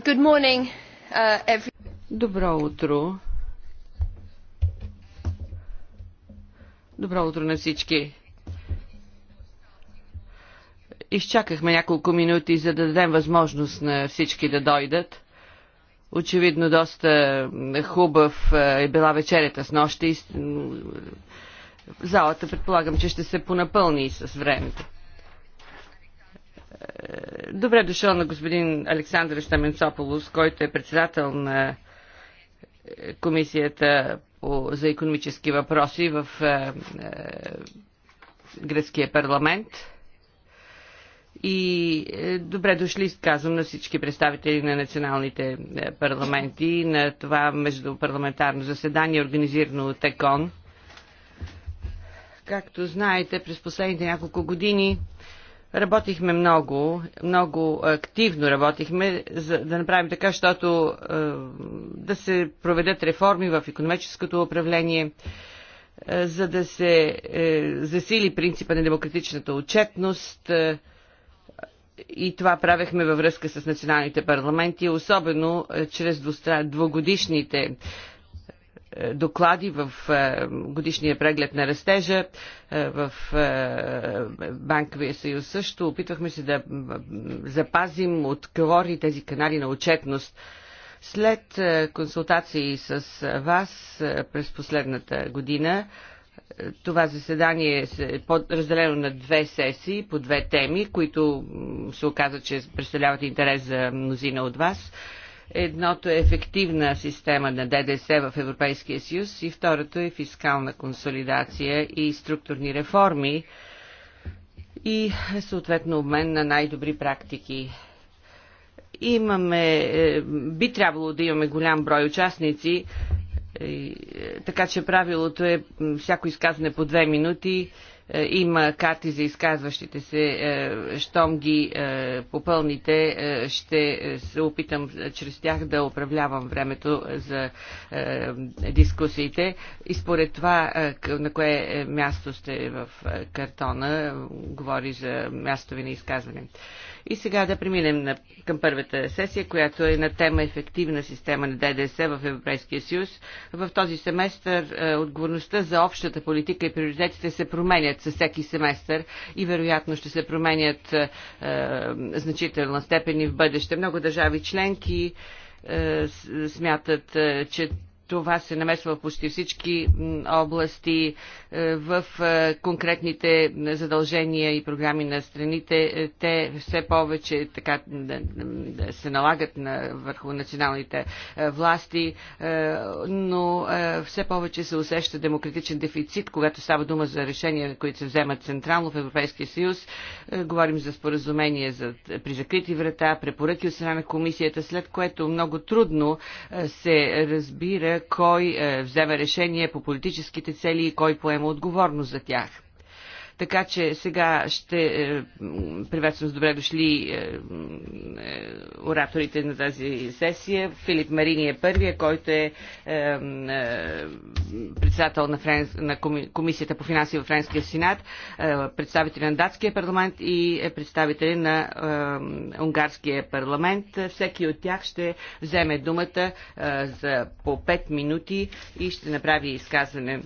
Uh, Добро утро. Добро утро на всички. Изчакахме няколко минути, за да дадем възможност на всички да дойдат. Очевидно доста хубав е, е била вечерята с нощи. Залата предполагам, че ще се понапълни с времето. Добре дошъл на господин Александър Штаменцополус, който е председател на е, Комисията за економически въпроси в е, е, гръцкия парламент. И добре дошли, казвам, на всички представители на националните парламенти на това междупарламентарно заседание, организирано от ЕКОН. Както знаете, през последните няколко години Работихме много, много активно работихме, за да направим така, защото е, да се проведат реформи в економическото управление, е, за да се е, засили принципа на демократичната отчетност. Е, и това правехме във връзка с националните парламенти, особено е, чрез двустра... двогодишните е, доклади в е, годишния преглед на растежа, е, в Банковия съюз също. Опитвахме се да запазим, открори тези канали на отчетност. След консултации с вас през последната година, това заседание е разделено на две сесии по две теми, които се оказа, че представляват интерес за мнозина от вас. Едното е ефективна система на ДДС в Европейския съюз и второто е фискална консолидация и структурни реформи и съответно обмен на най-добри практики имаме, е, би трябвало да имаме голям брой участници, е, така че правилото е всяко изказване по две минути е, има карти за изказващите се. Е, щом ги е, попълните, ще се опитам чрез тях да управлявам времето за дискусиите. И според това, на кое място сте в картона, говори за място ви на изказване. И сега да преминем на, към първата сесия, която е на тема ефективна система на ДДС в Европейския съюз. В този семестър е, отговорността за общата политика и приоритетите се променят със всеки семестър и вероятно ще се променят е, е, значителна степен и в бъдеще. Много държави членки е, смятат, е, че това се намесва в почти всички области, е, в е, конкретните задължения и програми на страните. Е, те все повече така се налагат на, върху националните власти, но все повече се усеща демократичен дефицит, когато става дума за решения, които се вземат централно в Европейския съюз. Говорим за споразумение за, при закрити врата, препоръки от страна на комисията, след което много трудно се разбира кой е, взема решение по политическите цели и кой поема отговорност за тях. Така че сега ще е, приветствам с добре дошли е, е, ораторите на тази сесия. Филип Марини е първия, който е, е, е, председател на, Френс, на Комисията по финанси в Френския сенат, е, представители на датския парламент и е представители на унгарския парламент. Всеки от тях ще вземе думата за по 5 минути и ще направи изказване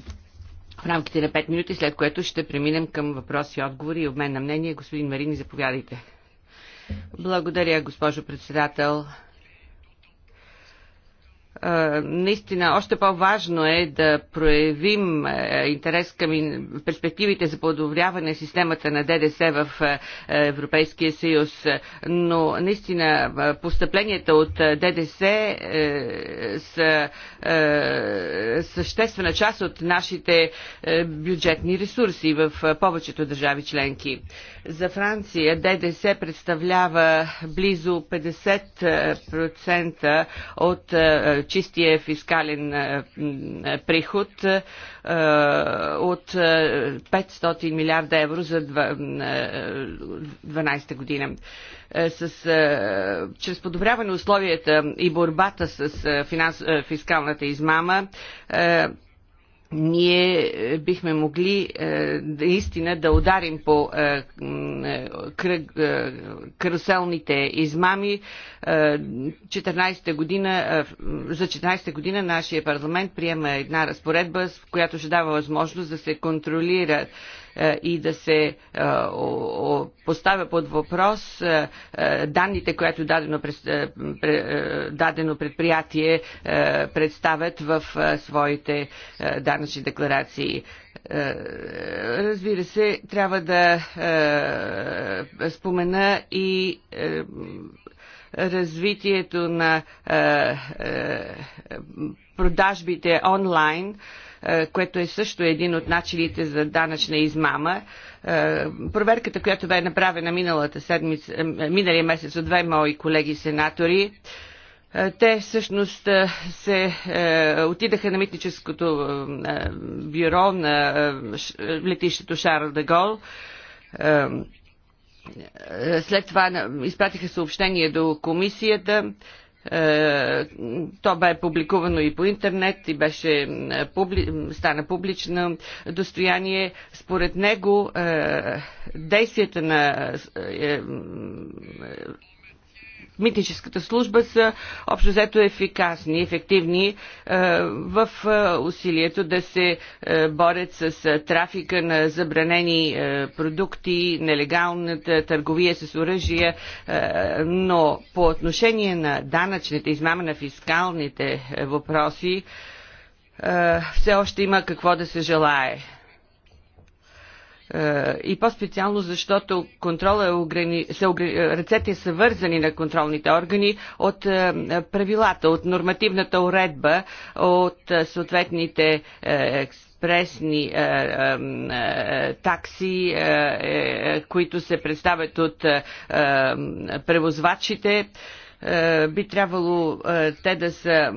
в рамките на 5 минути, след което ще преминем към въпроси и отговори и обмен на мнение. Господин Марини, заповядайте. Благодаря, госпожо председател наистина още по-важно е да проявим интерес към перспективите за подобряване системата на ДДС в Европейския съюз, но наистина постъпленията от ДДС е, са е, съществена част от нашите е, бюджетни ресурси в повечето държави членки. За Франция ДДС представлява близо 50% от чистия фискален е, е, приход е, от 500 милиарда евро за 12 година. С, чрез подобряване условията и борбата с финанс, фискалната измама ние е, бихме могли наистина е, да ударим по е, кръг, каруселните измами. 14 година, за 14 та година нашия парламент приема една разпоредба, в която ще дава възможност да се контролира е, и да се е, поставя под въпрос е, данните, които дадено, дадено предприятие представят в своите данъчни декларации разбира се, трябва да спомена и развитието на продажбите онлайн. Е, което е също един от начините за данъчна измама. Е, проверката, която бе направена миналата седмица, е, миналия месец от две мои колеги сенатори, те всъщност се отидаха на митническото бюро на летището Шарл де Гол. след това изпратиха съобщение до комисията. Е, то бе публикувано и по интернет и беше е, публи... стана публично достояние. Според него е, действията на митническата служба са общо взето ефикасни, ефективни е, в е, усилието да се е, борят с трафика на забранени продукти, нелегалната търговия с оръжия, но по отношение на данъчните измама на фискалните въпроси, все още има какво да се желае. Е, и по-специално защото контрола е ограни... са ограни... Е, ръцете са вързани на контролните органи от е, правилата, от нормативната уредба, от съответните експресни е, е, е, такси, които се представят от превозвачите. Е, би трябвало е, те да са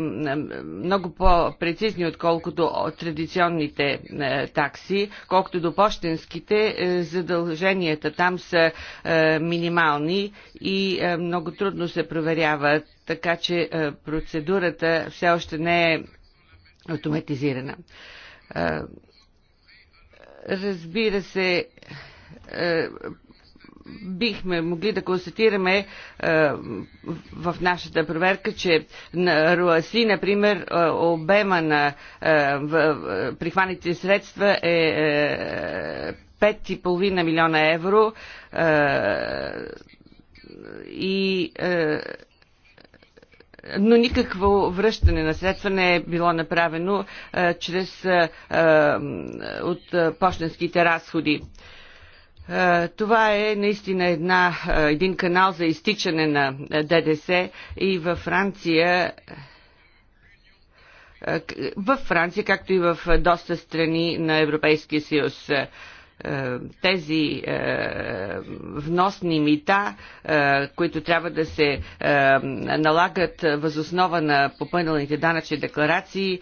много по-прецизни, отколкото от традиционните е, такси, колкото до почтенските, задълженията там са минимални и много трудно се проверяват, така че процедурата все още не е автоматизирана. Разбира се, бихме могли да констатираме е, в нашата проверка, че на Руаси, например, е, обема на е, в, е, прихваните средства е, е 5,5 милиона евро е, и но никакво връщане на средства не е било направено а, чрез а, от а, почтенските разходи. А, е, това е наистина една, е, един канал за изтичане на е, ДДС и във Франция в Франция, както и в доста страни на Европейския съюз тези вносни мита, които трябва да се налагат възоснова на попълнените данъчни декларации,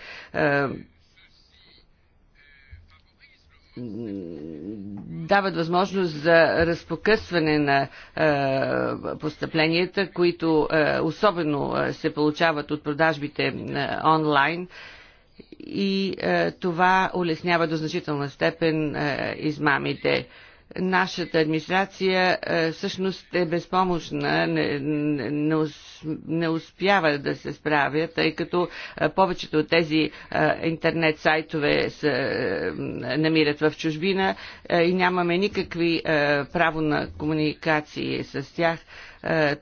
дават възможност за разпокъсване на е, постъпленията, които е, особено е, се получават от продажбите е, онлайн и е, това улеснява до значителна степен е, измамите нашата администрация е, всъщност е безпомощна, не, не, не успява да се справя, тъй като е, повечето от тези е, интернет сайтове се намират в чужбина и нямаме никакви право на комуникации с тях.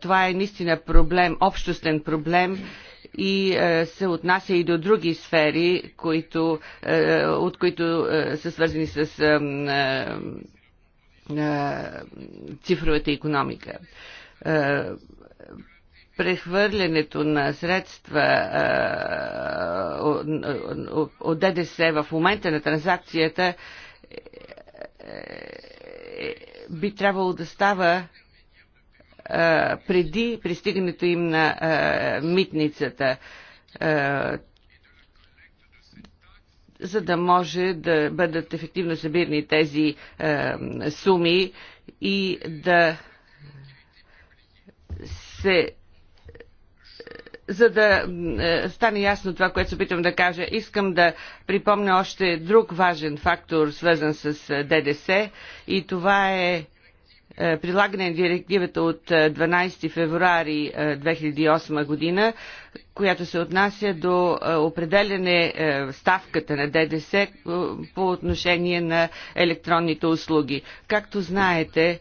Това е наистина проблем, общностен проблем и се отнася и до други сфери, които, от които са свързани с цифровата економика прехвърлянето на средства от ДДС в момента на транзакцията е, е, би трябвало да става преди пристигането им на митницата за да може да бъдат ефективно събирани тези е, суми и да се за да е, стане ясно това, което се опитвам да кажа, искам да припомня още друг важен фактор, свързан с е, ДДС и това е е, прилагане на директивата от 12 е, февруари 2008 е, година, която се отнася до определене ставката на ДДС по отношение на електронните услуги. Както знаете,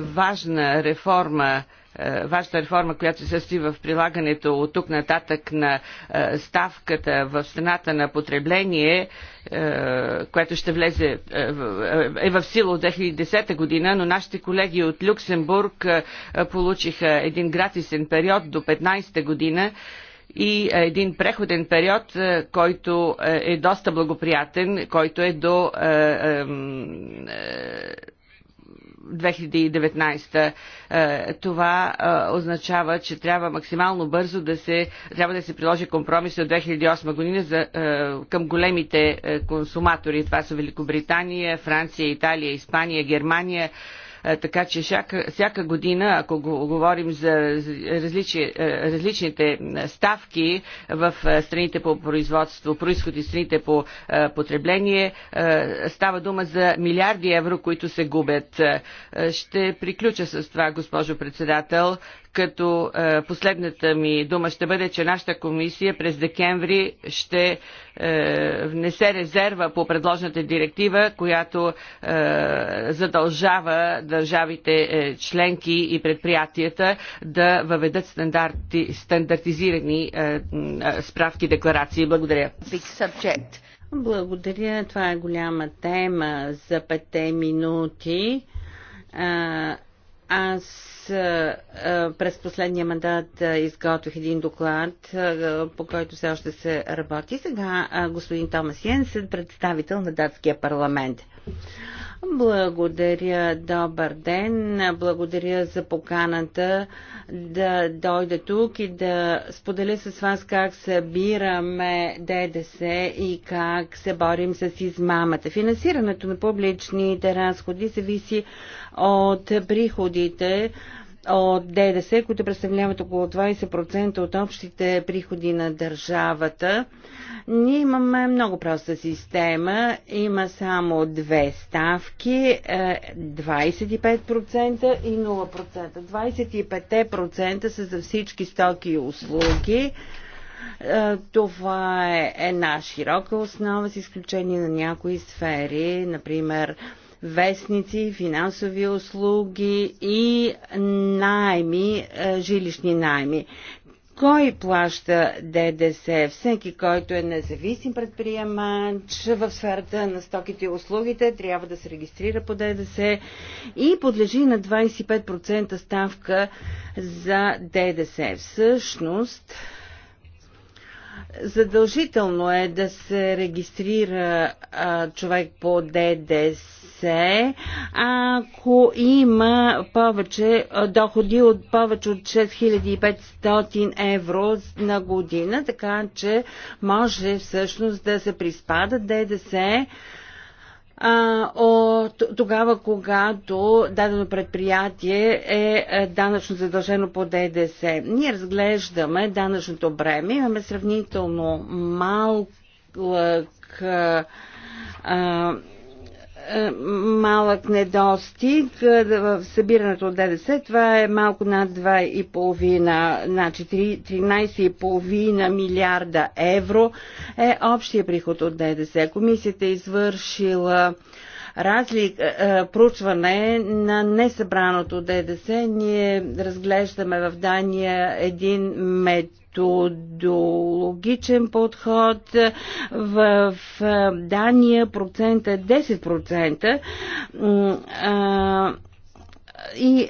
важна реформа е, Вашата реформа, която се състои в прилагането от тук нататък на е, ставката в страната на потребление, е, което ще влезе е в сила от 2010 година, но нашите колеги от Люксембург получиха един гратисен период до 15 година и един преходен период, който е доста благоприятен, който е до 2019. Е, това е, означава, че трябва максимално бързо да се, трябва да се приложи компромис от 2008 година за, е, към големите консуматори. Това са Великобритания, Франция, Италия, Испания, Германия, е, така че всяка, всяка година, ако го, говорим за различи, е, различните ставки в е, страните по производство, происход и страните по потребление, става дума за милиарди евро, които се губят. Ще приключа с това, госпожо председател като е, последната ми дума ще бъде, че нашата комисия през декември ще е, внесе резерва по предложената директива, която е, задължава държавите е, членки и предприятията да въведат стандарти, стандартизирани е, е, справки декларации. Благодаря. Благодаря. Това е голяма тема за пете минути. Аз през последния мандат изготвих един доклад, по който все още се работи. Сега господин Томас Йенсен, представител на датския парламент. Благодаря, добър ден. Благодаря за поканата да дойда тук и да споделя с вас как събираме ДДС и как се борим с измамата. Финансирането на публичните разходи зависи от приходите от ДДС, които представляват около 20% от общите приходи на държавата. Ние имаме много проста система. Има само две ставки 25% е, и 0%. 25% са за всички стоки и услуги. Е, това е една широка основа с изключение на някои сфери, например вестници, финансови услуги и найми, е, жилищни найми. Кой плаща ДДС? Всеки, който е независим предприемач в сферата на стоките и услугите, трябва да се регистрира по ДДС и подлежи на 25% ставка за ДДС. Всъщност, Задължително е да се регистрира а, човек по ДДС, ако има повече доходи от повече от 6500 евро на година, така че може всъщност да се приспада ДДС а, от тогава, когато дадено предприятие е, е данъчно задължено по ДДС. Ние разглеждаме данъчното бреме, имаме сравнително малък а, е, малък недостиг е, в събирането от ДДС. Това е малко над 2,5, на 13,5 милиарда евро е общия приход от ДДС. Комисията е извършила разлик, е, проучване на несъбраното ДДС. Ние разглеждаме в Дания един метод методологичен подход. В Дания е процента е 10%. И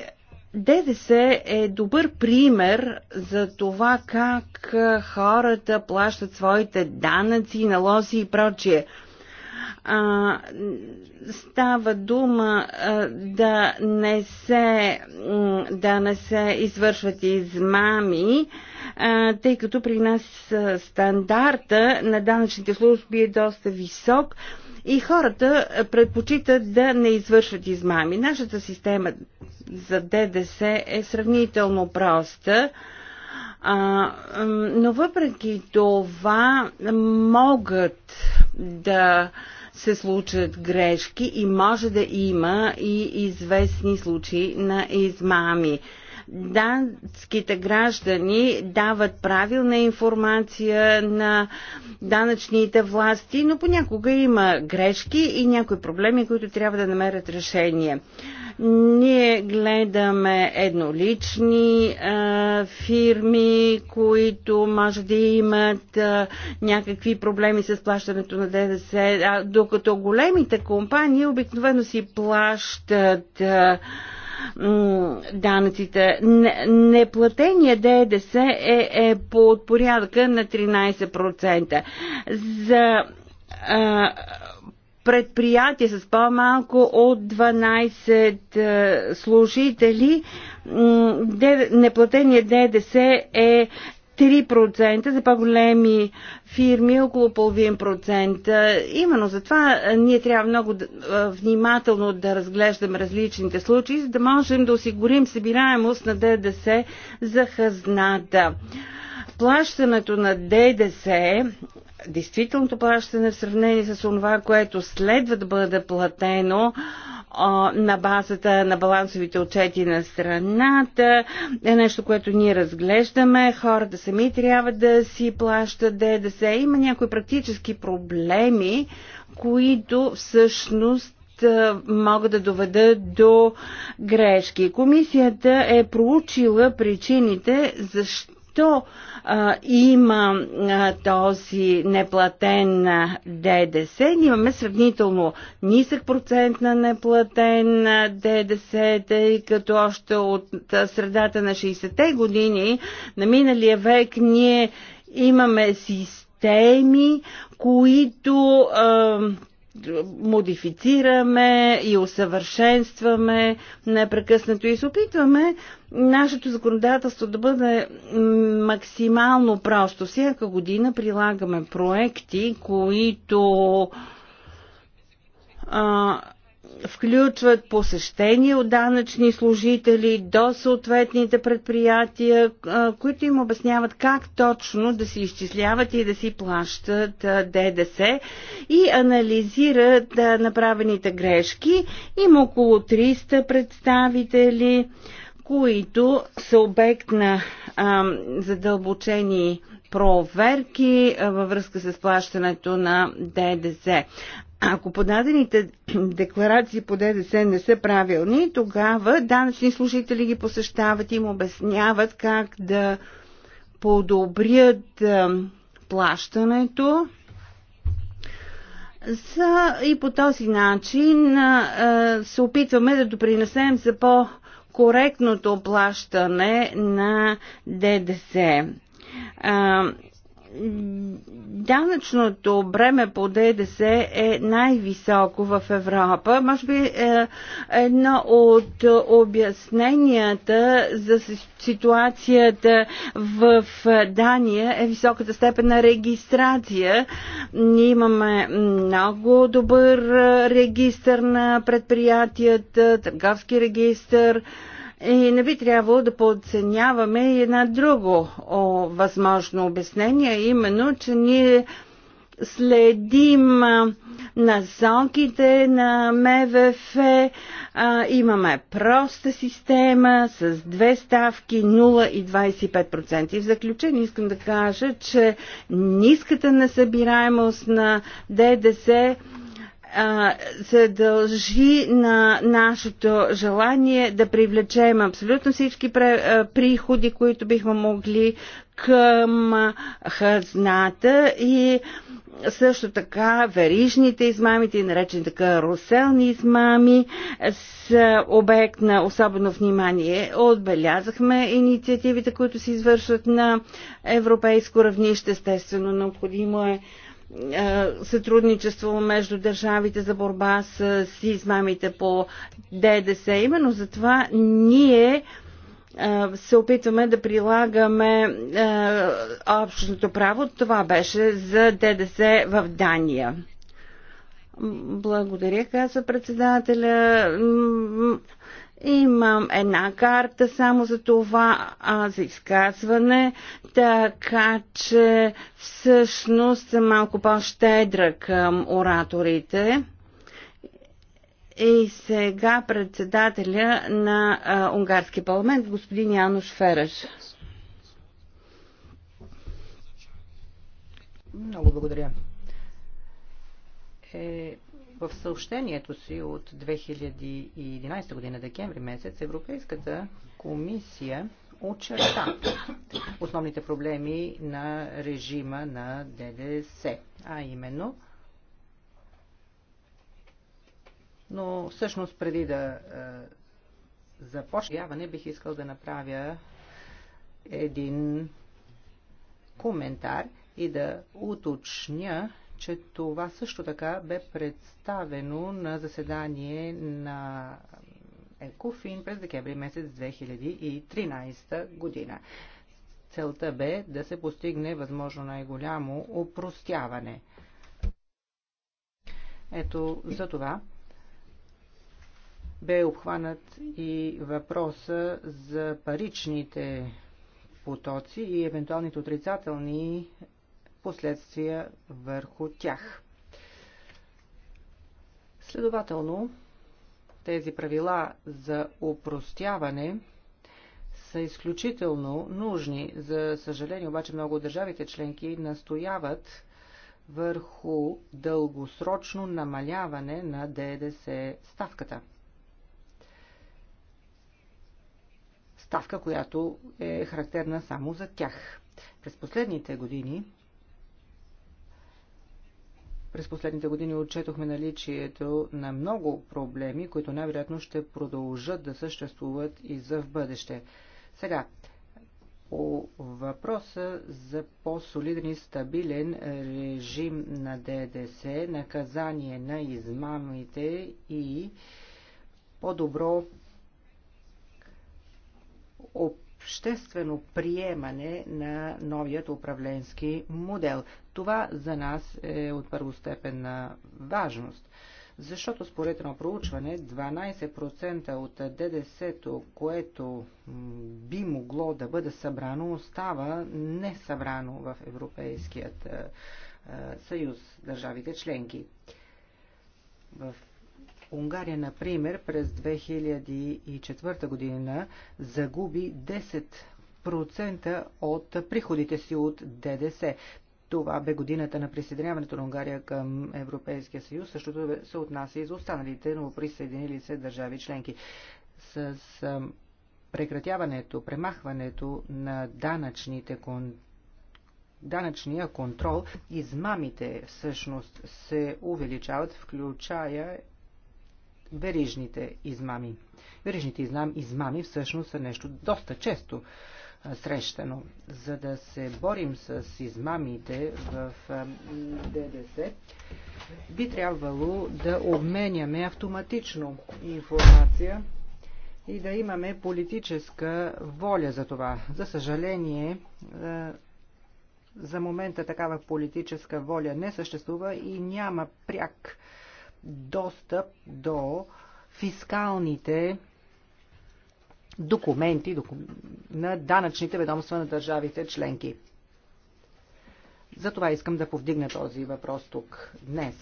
ДДС е добър пример за това как хората плащат своите данъци, налози и прочие а, става дума а, да, не се, да не се извършват измами, тъй като при нас стандарта на данъчните служби е доста висок и хората предпочитат да не извършват измами. Нашата система за ДДС е сравнително проста. А, но въпреки това могат да се случат грешки и може да има и известни случаи на измами данските граждани дават правилна информация на данъчните власти, но понякога има грешки и някои проблеми, които трябва да намерят решение. Ние гледаме еднолични а, фирми, които може да имат а, някакви проблеми с плащането на ДДС, а, докато големите компании обикновено си плащат а, данъците. Неплатения ДДС е, е по порядъка на 13%. За а, предприятия с по-малко от 12 служители неплатения ДДС е 3%, за по-големи фирми е около половин процент. Именно затова ние трябва много внимателно да разглеждаме различните случаи, за да можем да осигурим събираемост на ДДС за хазната. Плащането на ДДС, действителното плащане в сравнение с това, което следва да бъде платено на базата на балансовите отчети на страната е нещо, което ние разглеждаме. Хората сами трябва да си плащат ДДС. Има някои практически проблеми, които всъщност могат да доведат до грешки. Комисията е проучила причините защо защо а, има а, този неплатен ДДС. Ние имаме сравнително нисък процент на неплатен ДДС, тъй като още от средата на 60-те години на миналия век ние имаме системи, които а, модифицираме и усъвършенстваме непрекъснато и се опитваме нашето законодателство да бъде максимално просто. Всяка година прилагаме проекти, които а, включват посещения от данъчни служители до съответните предприятия, които им обясняват как точно да си изчисляват и да си плащат ДДС и анализират направените грешки. Има около 300 представители, които са обект на задълбочени проверки във връзка с плащането на ДДС. Ако подадените декларации по ДДС не са правилни, тогава данъчни служители ги посещават и им обясняват как да подобрят плащането и по този начин се опитваме да допринесем за по-коректното плащане на ДДС данъчното бреме по ДДС е най-високо в Европа. Може би е едно от обясненията за ситуацията в Дания е високата степен на регистрация. Ние имаме много добър регистр на предприятията, търговски регистр. И не би трябвало да подценяваме и една друго о, възможно обяснение, именно, че ние следим насоките на МВФ. А, имаме проста система с две ставки 0 и 25%. И в заключение искам да кажа, че ниската несъбираемост на ДДС се дължи на нашето желание да привлечем абсолютно всички приходи, които бихме могли към хазната и също така верижните измами, и така Руселни измами с обект на особено внимание. Отбелязахме инициативите, които се извършват на европейско равнище. Естествено, необходимо е е, сътрудничество между държавите за борба с измамите по ДДС. Именно затова ние е, се опитваме да прилагаме е, общото право. Това беше за ДДС в Дания. Благодаря, каза председателя. Имам една карта само за това, а, за изказване, така че всъщност съм малко по-щедра към ораторите. И сега председателя на а, Унгарски парламент, господин Януш Фереш. Много благодаря. Е, в съобщението си от 2011 година, декември месец, Европейската комисия очерта основните проблеми на режима на ДДС, а именно но всъщност преди да е, започне, бих искал да направя един коментар и да уточня че това също така бе представено на заседание на ЕКОФИН през декември месец 2013 година. Целта бе да се постигне възможно най-голямо опростяване. Ето за това бе обхванат и въпроса за паричните потоци и евентуалните отрицателни последствия върху тях. Следователно, тези правила за упростяване са изключително нужни. За съжаление, обаче много държавите членки настояват върху дългосрочно намаляване на ДДС ставката. Ставка, която е характерна само за тях. През последните години през последните години отчетохме наличието на много проблеми, които най-вероятно ще продължат да съществуват и за в бъдеще. Сега, по въпроса за по-солиден и стабилен режим на ДДС, наказание на измамите и по-добро обществено приемане на новият управленски модел. Това за нас е от първостепенна важност защото според едно проучване 12% от ДДС-то, което би могло да бъде събрано, остава несъбрано в Европейският съюз, държавите членки. В Унгария, например, през 2004 година загуби 10% от приходите си от ДДС. Това бе годината на присъединяването на Унгария към Европейския съюз. Същото се отнася и за останалите новоприсъединили се държави членки. С прекратяването, премахването на данъчните контакти, данъчния контрол, измамите всъщност се увеличават, включая верижните измами. Верижните измами, измами всъщност са нещо доста често срещано. За да се борим с измамите в ДДС, би трябвало да обменяме автоматично информация и да имаме политическа воля за това. За съжаление, за момента такава политическа воля не съществува и няма пряк достъп до фискалните документи на данъчните ведомства на държавите членки. Затова искам да повдигна този въпрос тук днес.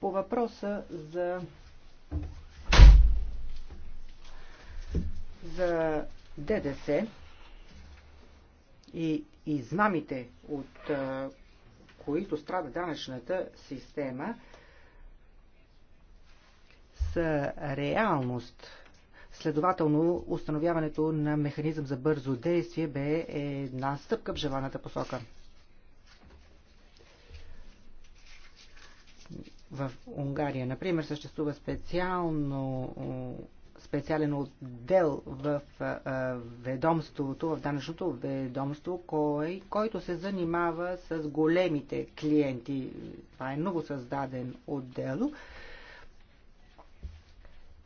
По въпроса за, за ДДС и измамите, от които страда данъчната система, са реалност. Следователно, установяването на механизъм за бързо действие бе една стъпка в желаната посока. В Унгария, например, съществува специално специален отдел в ведомството, в данъчното ведомство, кой, който се занимава с големите клиенти. Това е ново създаден отдел,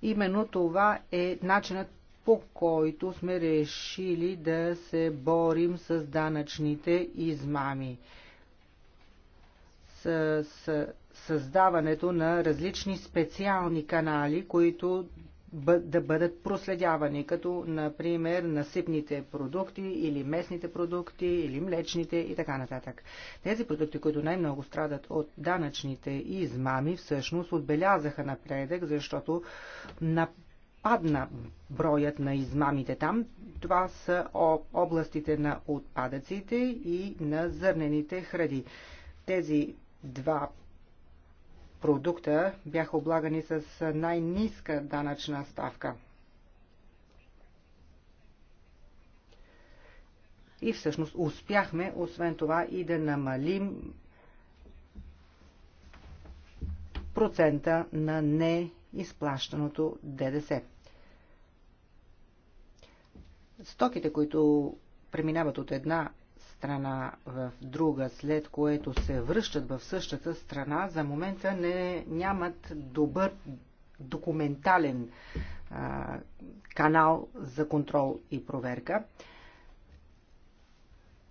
Именно това е начинът по който сме решили да се борим с данъчните измами. С, с създаването на различни специални канали, които да бъдат проследявани, като например насипните продукти или местните продукти или млечните и така нататък. Тези продукти, които най-много страдат от данъчните измами, всъщност отбелязаха напредък, защото на падна броят на измамите там. Това са областите на отпадъците и на зърнените хради. Тези два продукта бяха облагани с най-ниска данъчна ставка. И всъщност успяхме, освен това, и да намалим процента на неизплащаното ДДС. Стоките, които преминават от една страна в друга, след което се връщат в същата страна, за момента не, нямат добър документален а, канал за контрол и проверка.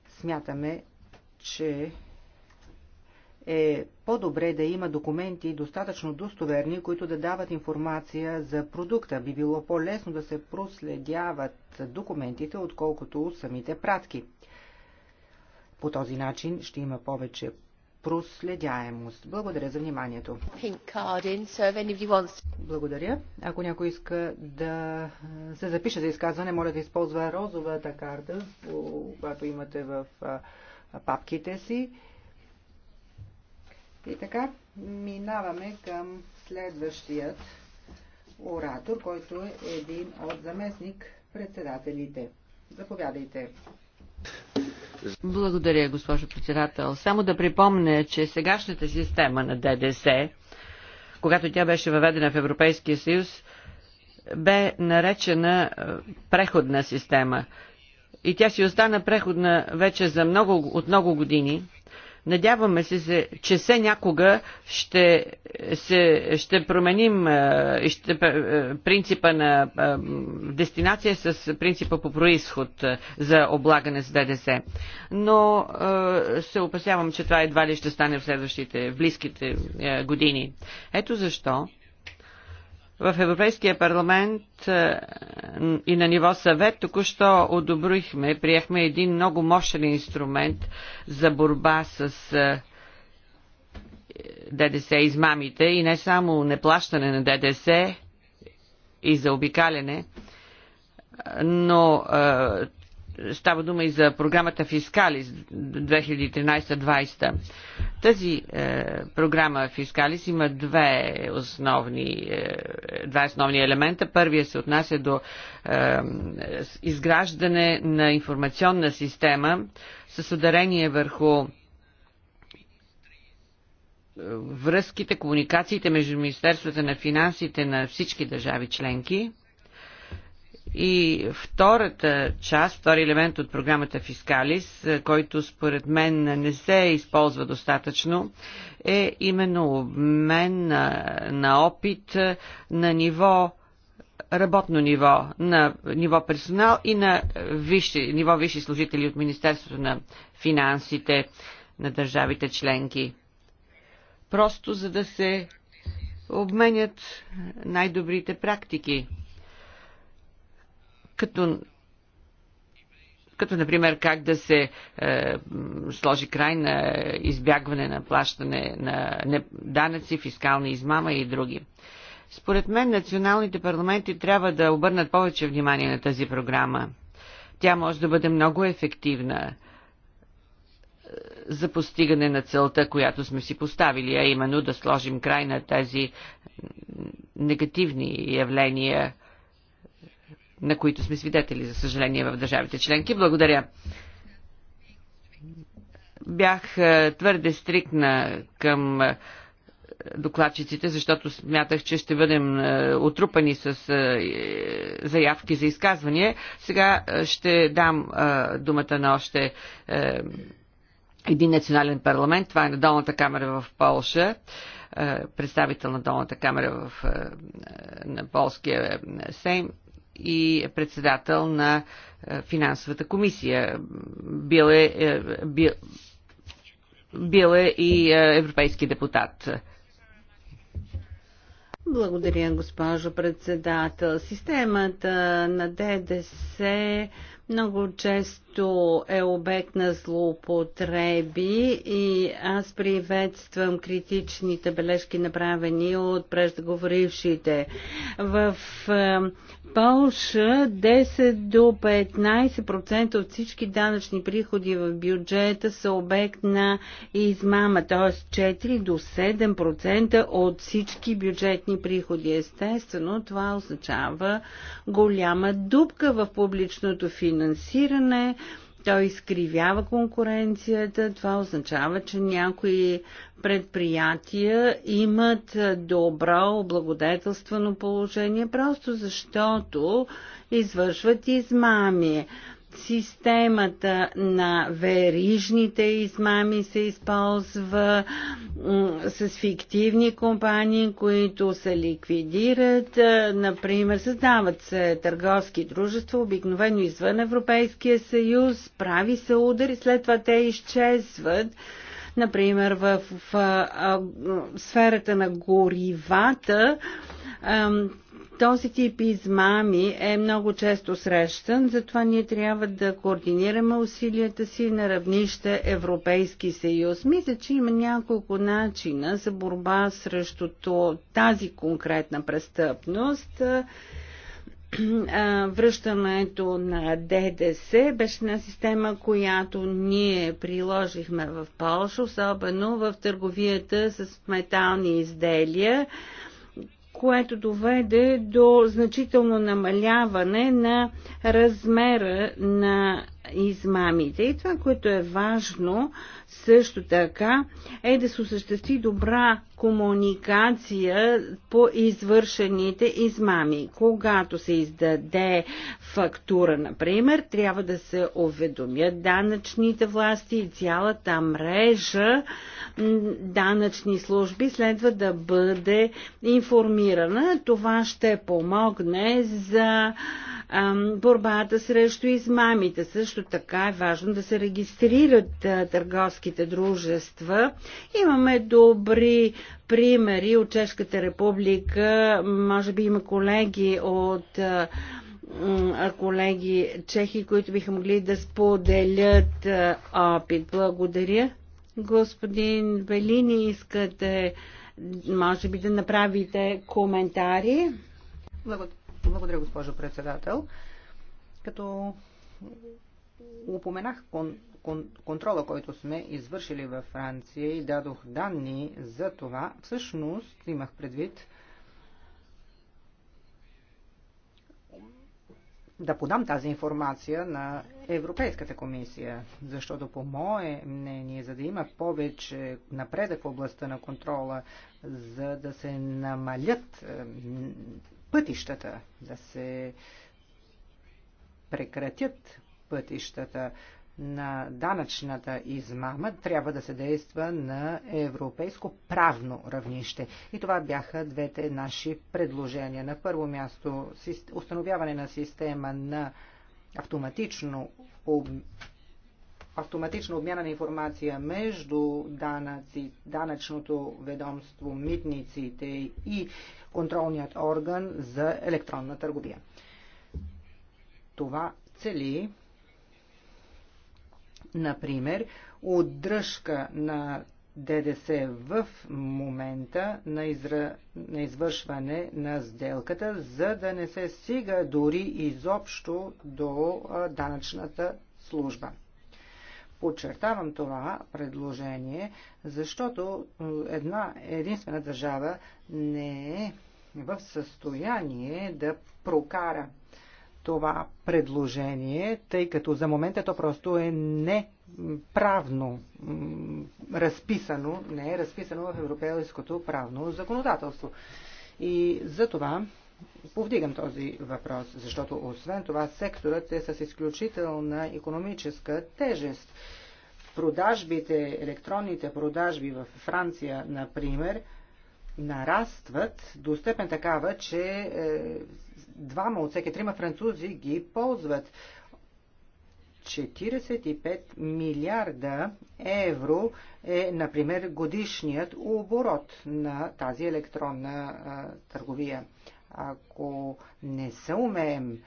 Смятаме, че е по-добре да има документи достатъчно достоверни, които да дават информация за продукта. Би било по-лесно да се проследяват документите, отколкото самите пратки. По този начин ще има повече проследяемост. Благодаря за вниманието. Благодаря. Ако някой иска да се запише за изказване, моля да използва розовата карта, която имате в папките си. И така, минаваме към следващият оратор, който е един от заместник председателите. Заповядайте. Благодаря, госпожо председател. Само да припомня, че сегашната система на ДДС, когато тя беше въведена в Европейския съюз, бе наречена е, преходна система. И тя си остана преходна вече за много, от много години – Надяваме се, че се някога ще, се, ще променим е, ще, е, принципа на е, дестинация с принципа по происход за облагане с ДДС. Но се опасявам, че това едва ли ще стане в следващите, в близките години. Ето защо в Европейския парламент е, и на ниво съвет току-що одобрихме, приехме един много мощен инструмент за борба с е, ДДС измамите и не само неплащане на ДДС и за обикаляне, но е, става дума и за програмата Фискалис 2013-2020. Тази е, програма Фискалис има две основни, е, два основни елемента. Първия се отнася до е, изграждане на информационна система с ударение върху е, връзките, комуникациите между Министерствата на финансите на всички държави членки – и втората част, втори елемент от програмата Фискалис, е, който според мен не се използва достатъчно, е именно обмен на, на опит е, на ниво работно ниво, на ниво персонал и на висши, ниво висши служители от Министерството на финансите на държавите членки. Просто за да се обменят най-добрите практики като като например как да се е, сложи край на избягване на плащане на данъци, фискална измама и други. Според мен националните парламенти трябва да обърнат повече внимание на тази програма. Тя може да бъде много ефективна е, за постигане на целта, която сме си поставили, а именно да сложим край на тези негативни явления – на които сме свидетели, за съжаление, в държавите членки. Благодаря. Бях е, твърде стрикна към е, докладчиците, защото смятах, че ще бъдем отрупани е, с заявки за изказвания. Сега ще дам думата на още един национален парламент. Това е на Долната камера в Полша, представител на Долната камера в, на Полския сейм и председател на е, финансовата комисия. Бил е, е бил, бил е и е, европейски депутат. Благодаря, госпожо председател. Системата на ДДС много често който е обект на злоупотреби и аз приветствам критичните бележки направени от преждеговорившите. В е, Полша 10 до 15% от всички данъчни приходи в бюджета са обект на измама, т.е. 4 до 7% от всички бюджетни приходи. Естествено, това означава голяма дупка в публичното финансиране, той изкривява конкуренцията. Това означава, че някои предприятия имат добро облагодетелствено положение, просто защото извършват измами. Системата на верижните измами се използва с фиктивни компании, които се ликвидират. Е, например, създават се търговски дружества, обикновено извън Европейския съюз, прави се удар и след това те изчезват. Например, в, в, в, в сферата на горивата този тип измами е много често срещан, затова ние трябва да координираме усилията си на равнище Европейски съюз. Мисля, че има няколко начина за борба срещу тази конкретна престъпност връщането на ДДС беше една система, която ние приложихме в Польша, особено в търговията с метални изделия което доведе до значително намаляване на размера на измамите. И това, което е важно също така, е да се осъществи добра комуникация по извършените измами. Когато се издаде фактура, например, трябва да се уведомят данъчните власти и цялата мрежа данъчни служби следва да бъде информирана. Това ще помогне за борбата срещу измамите. Също така е важно да се регистрират търговските дружества. Имаме добри примери от Чешката република. Може би има колеги от колеги чехи, които биха могли да споделят опит. Благодаря. Господин Велини, искате може би да направите коментари? Благодаря. Благодаря, госпожо председател. Като упоменах кон, кон, контрола, който сме извършили във Франция и дадох данни за това, всъщност имах предвид да подам тази информация на Европейската комисия, защото по мое мнение, за да има повече напредък в областта на контрола, за да се намалят пътищата, да се прекратят пътищата на данъчната измама, трябва да се действа на европейско правно равнище. И това бяха двете наши предложения. На първо място установяване на система на автоматично автоматична обмяна на информация между данъци, данъчното ведомство, митниците и контролният орган за електронна търговия. Това цели, например, отдръжка на ДДС в момента на, изра... на извършване на сделката, за да не се стига дори изобщо до данъчната служба. Подчертавам това предложение, защото е, една единствена държава не е в състояние да прокара това предложение, тъй като за момента то просто е неправно разписано, не е разписано в европейското правно законодателство. И за това Повдигам този въпрос, защото освен това секторът е с изключителна економическа тежест. Продажбите, електронните продажби в Франция, например, нарастват до степен такава, че е, двама от всеки трима французи ги ползват. 45 милиарда евро е, например, годишният оборот на тази електронна е, търговия. Ако не се умеем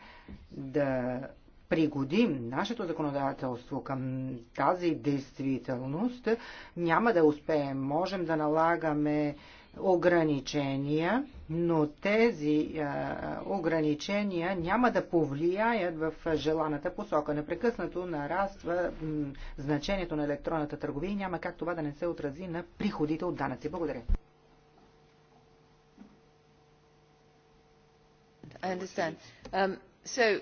да пригодим нашето законодателство към тази действителност, няма да успеем. Можем да налагаме ограничения, но тези а, ограничения няма да повлияят в желаната посока. Непрекъснато нараства м, значението на електронната търговия и няма как това да не се отрази на приходите от данъци. Благодаря. I understand. Um, so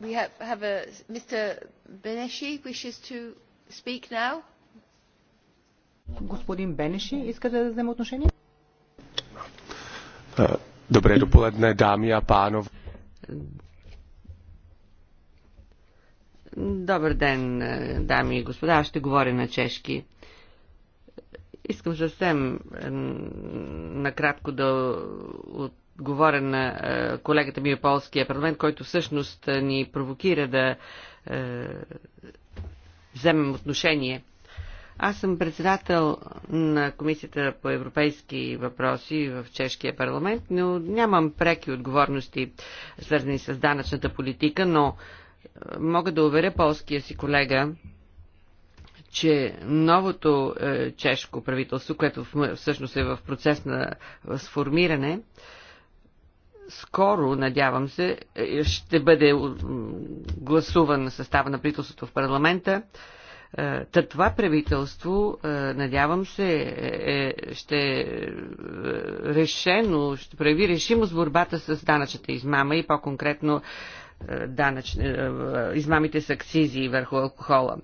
we have, a, Mr. wishes to speak now. Господин Бенеши, иска да вземе отношение? Е, добре дополедне, дами и панове. Добър ден, е, дами и господа. Аз ще говоря на чешки. Искам съвсем накратко да от говоря на е, колегата ми полския парламент, който всъщност е, ни провокира да е, вземем отношение. Аз съм председател на Комисията по европейски въпроси в Чешкия парламент, но нямам преки отговорности, свързани с данъчната политика, но мога да уверя полския си колега, че новото чешко правителство, което всъщност е в процес на сформиране, скоро, надявам се, е, ще бъде гласуван на състава на правителството в парламента. Е, та това правителство, е, надявам се, е, ще е решено, ще прояви решимост борбата с данъчната измама и по-конкретно данъч, измамите с акцизи върху алкохола.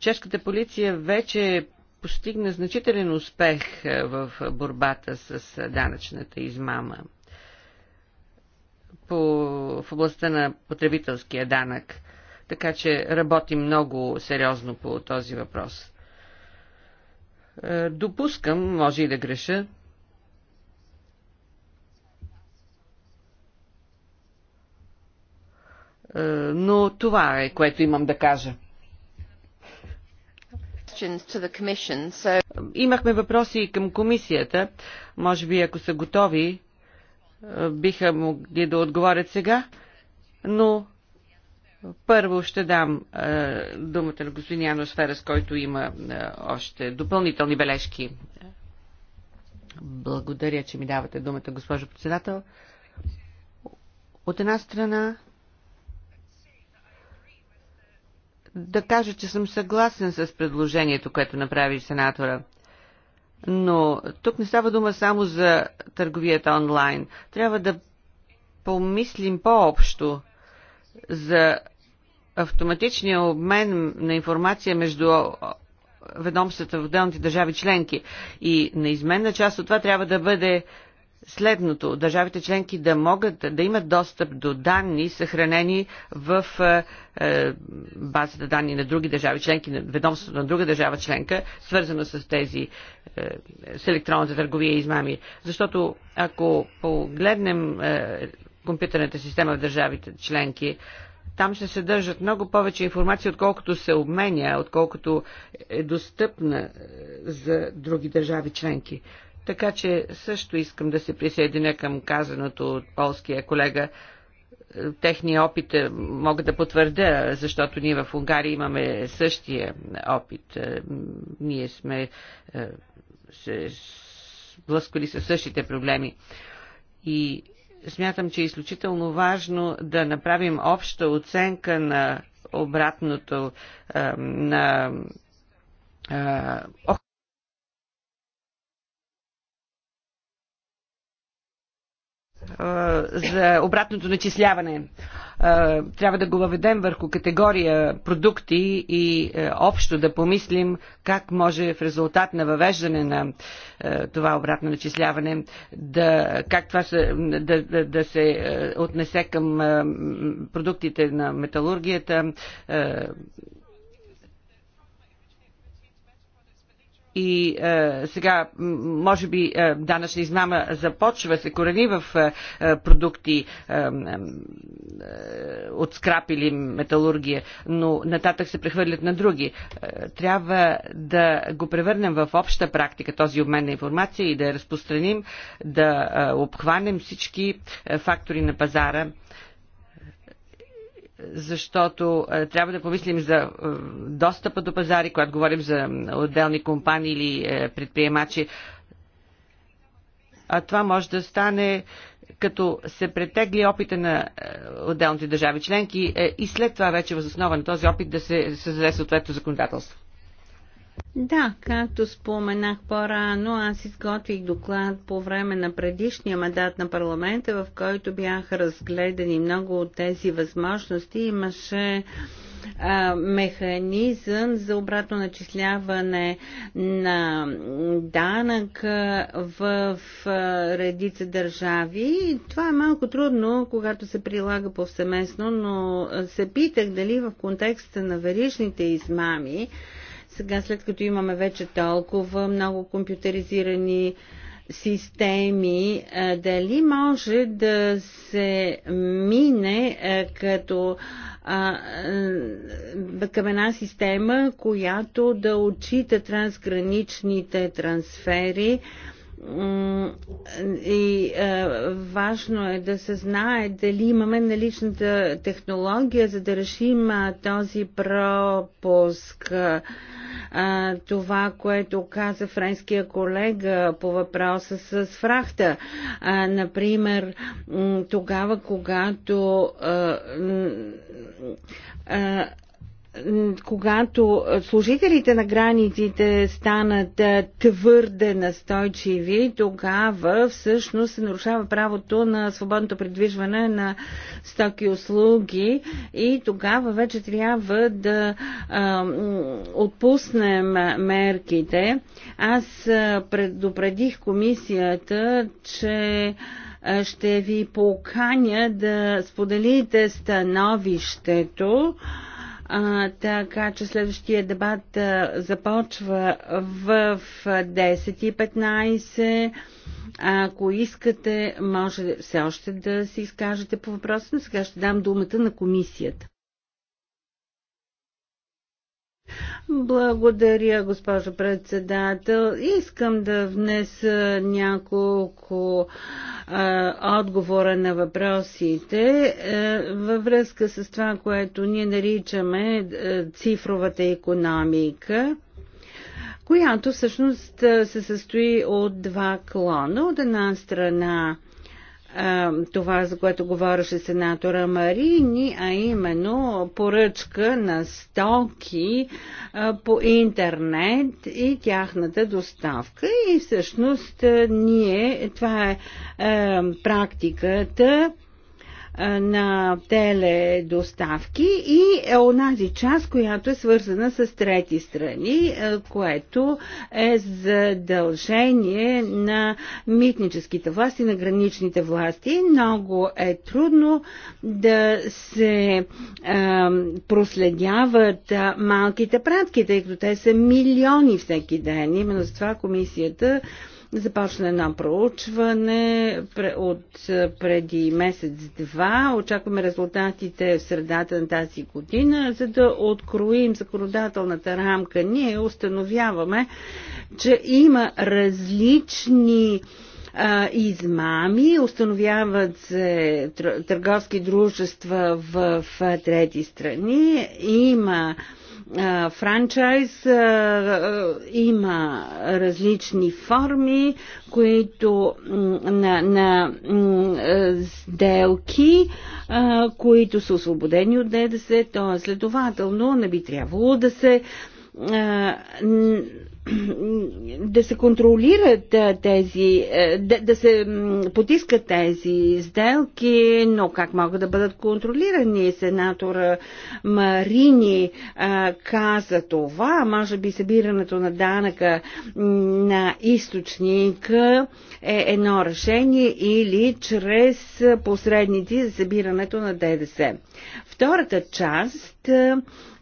Чешката полиция вече постигна значителен успех в борбата с данъчната измама по, в областта на потребителския данък. Така че работим много сериозно по този въпрос. Е, допускам, може и да греша, е, но това е, което имам да кажа. Имахме въпроси и към комисията. Може би, ако са готови, биха могли да отговорят сега, но първо ще дам а, е, думата на господин Янос Ферес, който има а, е, още допълнителни бележки. Благодаря, че ми давате думата, госпожо председател. От една страна, да кажа, че съм съгласен с предложението, което направи сенатора – но тук не става дума само за търговията онлайн. Трябва да помислим по-общо за автоматичния обмен на информация между ведомствата в отделните държави членки. И неизменна част от това трябва да бъде следното. Държавите членки да могат да имат достъп до данни, съхранени в е, е, базата данни на други държави членки, на ведомството на друга държава членка, свързано с тези е, с електронната търговия и измами. Защото ако погледнем е, компютърната система в държавите членки, там ще се съдържат много повече информация, отколкото се обменя, отколкото е достъпна е, за други държави членки. Така че също искам да се присъединя към казаното от полския колега. Техния опит е, мога да потвърдя, защото ние в Унгария имаме същия опит. Е, ние сме е, се блъскали със същите проблеми. И смятам, че е изключително важно да направим обща оценка на обратното на за обратното начисляване. Трябва да го въведем върху категория продукти и е, общо да помислим как може в резултат на въвеждане на е, това обратно начисляване да, как това се, да, да, да се е, отнесе към продуктите на металургията, и е, сега може би е, данъчна измама започва, се корени в е, е продукти е, е, е, от скрап или металургия, но нататък се прехвърлят на други. Е, трябва да го превърнем в обща практика този обмен на информация и да я разпространим, да е, обхванем всички е, фактори на пазара. Е, защото е, трябва да помислим за е, достъпа до пазари, когато говорим за отделни компании или е, предприемачи. А това може да стане като се претегли опита на отделните държави членки и след това вече възоснова на този опит да се създаде съответно законодателство. Да, както споменах по-рано, аз изготвих доклад по време на предишния мандат на парламента, в който бяха разгледани много от тези възможности. Имаше механизъм за обратно начисляване на данък в редица държави. това е малко трудно, когато се прилага повсеместно, но се питах дали в контекста на верижните измами, сега, след като имаме вече толкова много компютеризирани системи, дали може да се мине като към една система, която да отчита трансграничните трансфери, и е, важно е да се знае дали имаме наличната технология, за да решим а, е, този пропуск. А, е, това, което каза френския колега по въпроса с фрахта. А, е, например, тогава, когато а, а, когато служителите на границите станат твърде настойчиви, тогава всъщност се нарушава правото на свободното придвижване на стоки и услуги и тогава вече трябва да а, отпуснем мерките. Аз предупредих комисията, че ще ви поканя да споделите становището. А, така че следващия дебат а, започва в 10.15. Ако искате, може все още да се изкажете по въпроса, но сега ще дам думата на комисията. Благодаря, госпожо председател. Искам да внеса няколко а, отговора на въпросите а, във връзка с това, което ние наричаме а, цифровата економика която всъщност се състои от два клона. От една страна това, за което говореше сенатора Марини, а именно поръчка на стоки по интернет и тяхната доставка. И всъщност ние, това е практиката, на теледоставки и е онази част, която е свързана с трети страни, което е задължение на митническите власти, на граничните власти. Много е трудно да се проследяват малките пратки, тъй като те са милиони всеки ден. Именно за това комисията Започна едно проучване от преди месец-два. Очакваме резултатите в средата на тази година. За да откроим законодателната рамка, ние установяваме, че има различни измами, установяват се търговски дружества в трети страни, има франчайз има различни форми, които на, на сделки, които са освободени от ДДС, т.е. следователно не би трябвало да се да се контролират тези, да, да се потискат тези сделки, но как могат да бъдат контролирани? Сенатора Марини а, каза това, може би събирането на данъка на източника е едно решение или чрез посредници за събирането на ДДС. Втората част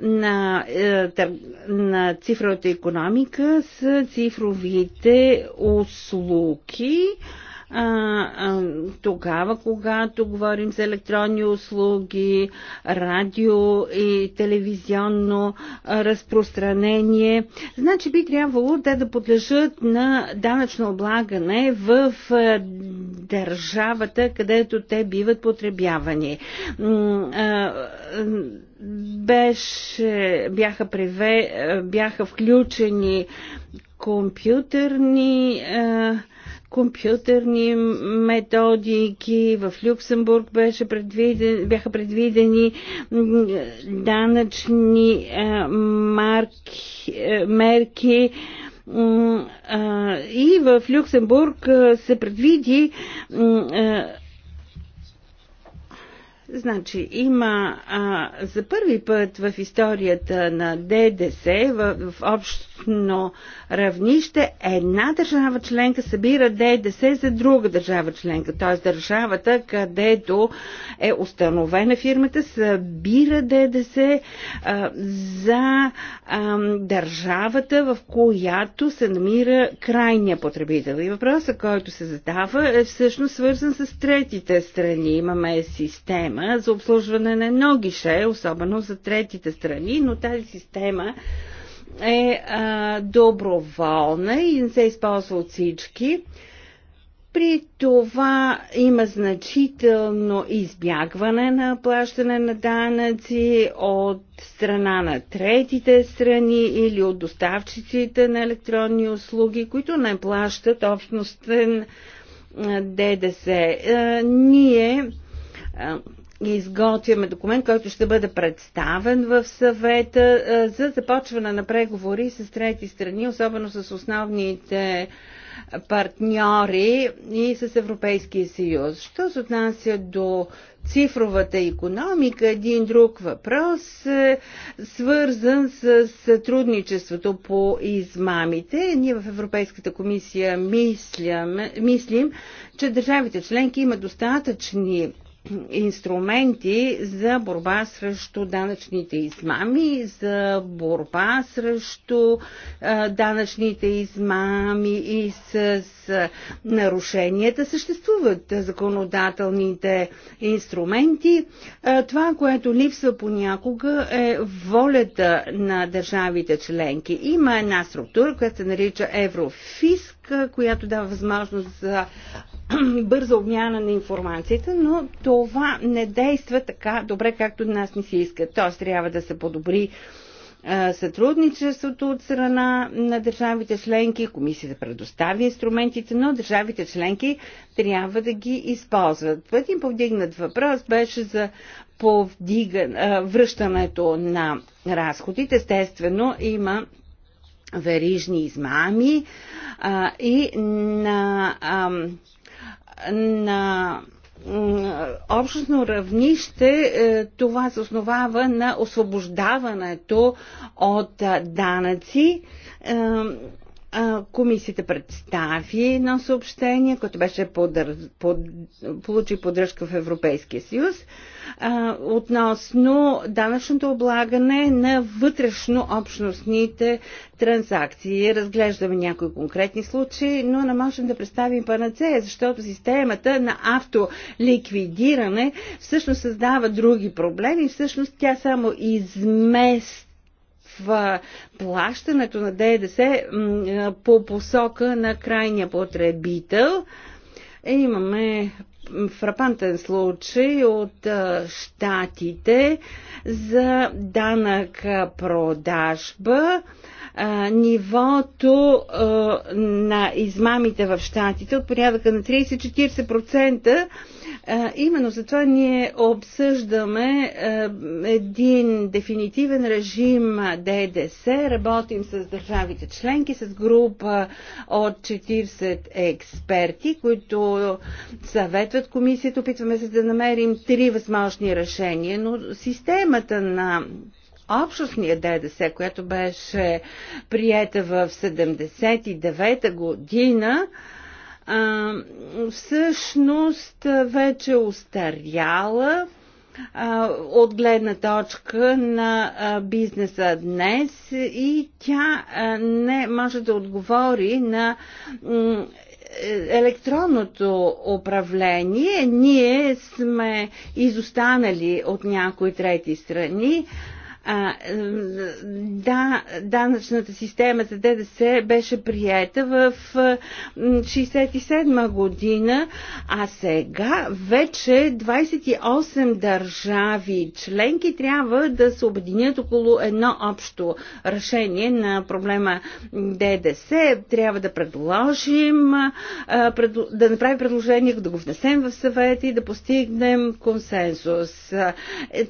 на, е, на цифровата економика са цифровите услуги а, а, тогава, когато говорим за електронни услуги, радио и телевизионно разпространение, значи би трябвало те да подлежат на данъчно облагане в държавата, където те биват потребявани. Беше, бяха, преве, бяха включени компютърни а, компютърни методики. В Люксембург беше предвиден, бяха предвидени данъчни марки, мерки и в Люксембург се предвиди Значи има а, за първи път в историята на ДДС в, в общ местно равнище една държава членка събира ДДС за друга държава членка. Т.е. държавата, където е установена фирмата, събира ДДС а, за а, държавата, в която се намира крайния потребител. И въпросът, който се задава, е всъщност свързан с третите страни. Имаме система за обслужване на едно гише, особено за третите страни, но тази система е а, доброволна и не се използва от всички. При това има значително избягване на плащане на данъци от страна на третите страни или от доставчиците на електронни услуги, които не плащат общностен ДДС. Ние изготвяме документ, който ще бъде представен в съвета за започване на преговори с трети страни, особено с основните партньори и с Европейския съюз. Що се отнася до цифровата економика, един друг въпрос, е свързан с сътрудничеството по измамите. Ние в Европейската комисия мислям, мислим, че държавите членки имат достатъчни инструменти за борба срещу данъчните измами, за борба срещу а, данъчните измами и с, с нарушенията. Съществуват законодателните инструменти. А, това, което липсва понякога е волята на държавите членки. Има една структура, която се нарича Еврофиск, която дава възможност за бърза обмяна на информацията, но това не действа така добре, както нас ни се иска. Тоест трябва да се подобри сътрудничеството от страна на държавите членки, комисията предостави инструментите, но държавите членки трябва да ги използват. Един повдигнат въпрос беше за повдига, връщането на разходите. Естествено, има верижни измами а, и на на общностно равнище е, това се основава на освобождаването от данъци Комисията представи едно съобщение, което беше подър... под... получи поддръжка в Европейския съюз а, относно данъчното облагане на вътрешно общностните транзакции. Разглеждаме някои конкретни случаи, но не можем да представим панацея, защото системата на автоликвидиране всъщност създава други проблеми, всъщност тя само измест плащането на ДДС по посока на крайния потребител. Е, имаме фрапантен случай от щатите за данък продажба. нивото на измамите в щатите от порядъка на 30-40% Именно затова ние обсъждаме е, един дефинитивен режим ДДС, работим с държавите членки, с група от 40 експерти, които съветват комисията, опитваме се да намерим три възможни решения, но системата на общностния ДДС, която беше приета в 79-та година, а, всъщност вече устаряла а, от гледна точка на а, бизнеса днес и тя а, не може да отговори на е, електронното управление. Ние сме изостанали от някои трети страни. А, а, да, данъчната система за ДДС беше приета в 67 година, а сега вече 28 държави членки трябва да се обединят около едно общо решение на проблема ДДС. Трябва да предложим, да направим предложение, да го внесем в съвета и да постигнем консенсус.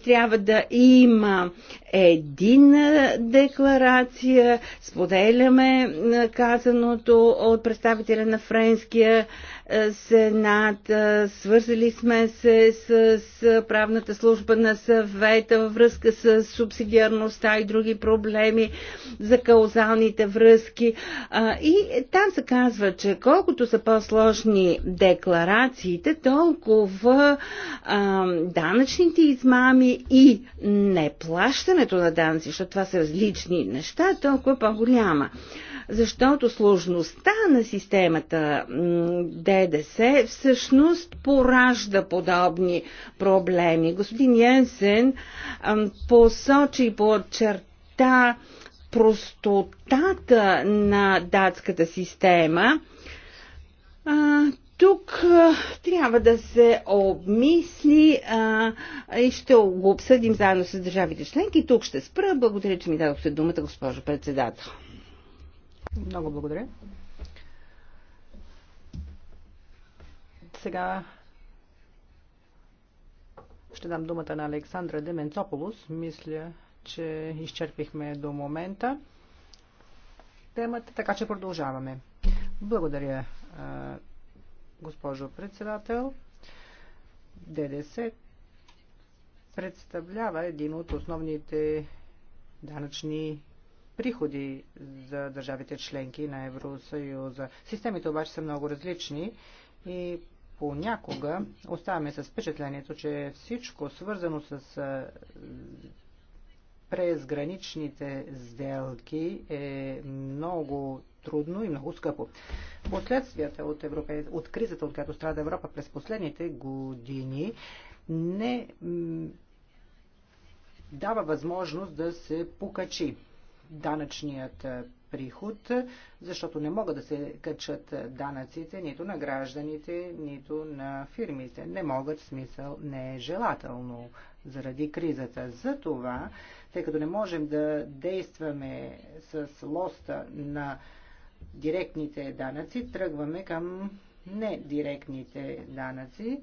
Трябва да има единна декларация, споделяме казаното от представителя на Френския е, Сенат, е, свързали сме се с правната служба на съвета във връзка с субсидиарността и други проблеми за каузалните връзки. И там се казва, че колкото са по-сложни декларациите, толкова данъчните измами и неплащане събирането на данъци, защото това са различни неща, толкова по-голяма. Защото сложността на системата ДДС всъщност поражда подобни проблеми. Господин Йенсен посочи и подчерта простотата на датската система, тук а, трябва да се обмисли а, и ще го обсъдим заедно с държавите членки. Тук ще спра. Благодаря, че ми дадохте думата, госпожо председател. Много благодаря. Сега ще дам думата на Александра Деменцополус. Мисля, че изчерпихме до момента темата, така че продължаваме. Благодаря, госпожо председател. ДДС представлява един от основните данъчни приходи за държавите членки на Евросъюза. Системите обаче са много различни и понякога оставаме с впечатлението, че всичко свързано с презграничните сделки е много трудно и много скъпо. Последствията от, европе... от кризата, от която страда Европа през последните години, не дава възможност да се покачи данъчният приход, защото не могат да се качат данъците нито на гражданите, нито на фирмите. Не могат, в смисъл не е желателно заради кризата. За това, тъй като не можем да действаме с лоста на директните данъци, тръгваме към недиректните данъци.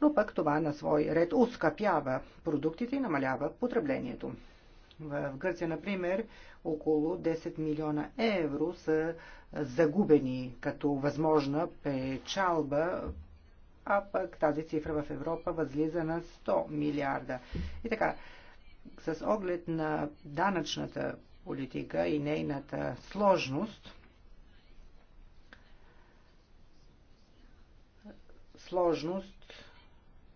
Но пък това на свой ред ускъпява продуктите и намалява потреблението. В Гърция, например, около 10 милиона евро са загубени като възможна печалба, а пък тази цифра в Европа възлиза на 100 милиарда. И така, с оглед на данъчната политика и нейната сложност – сложност,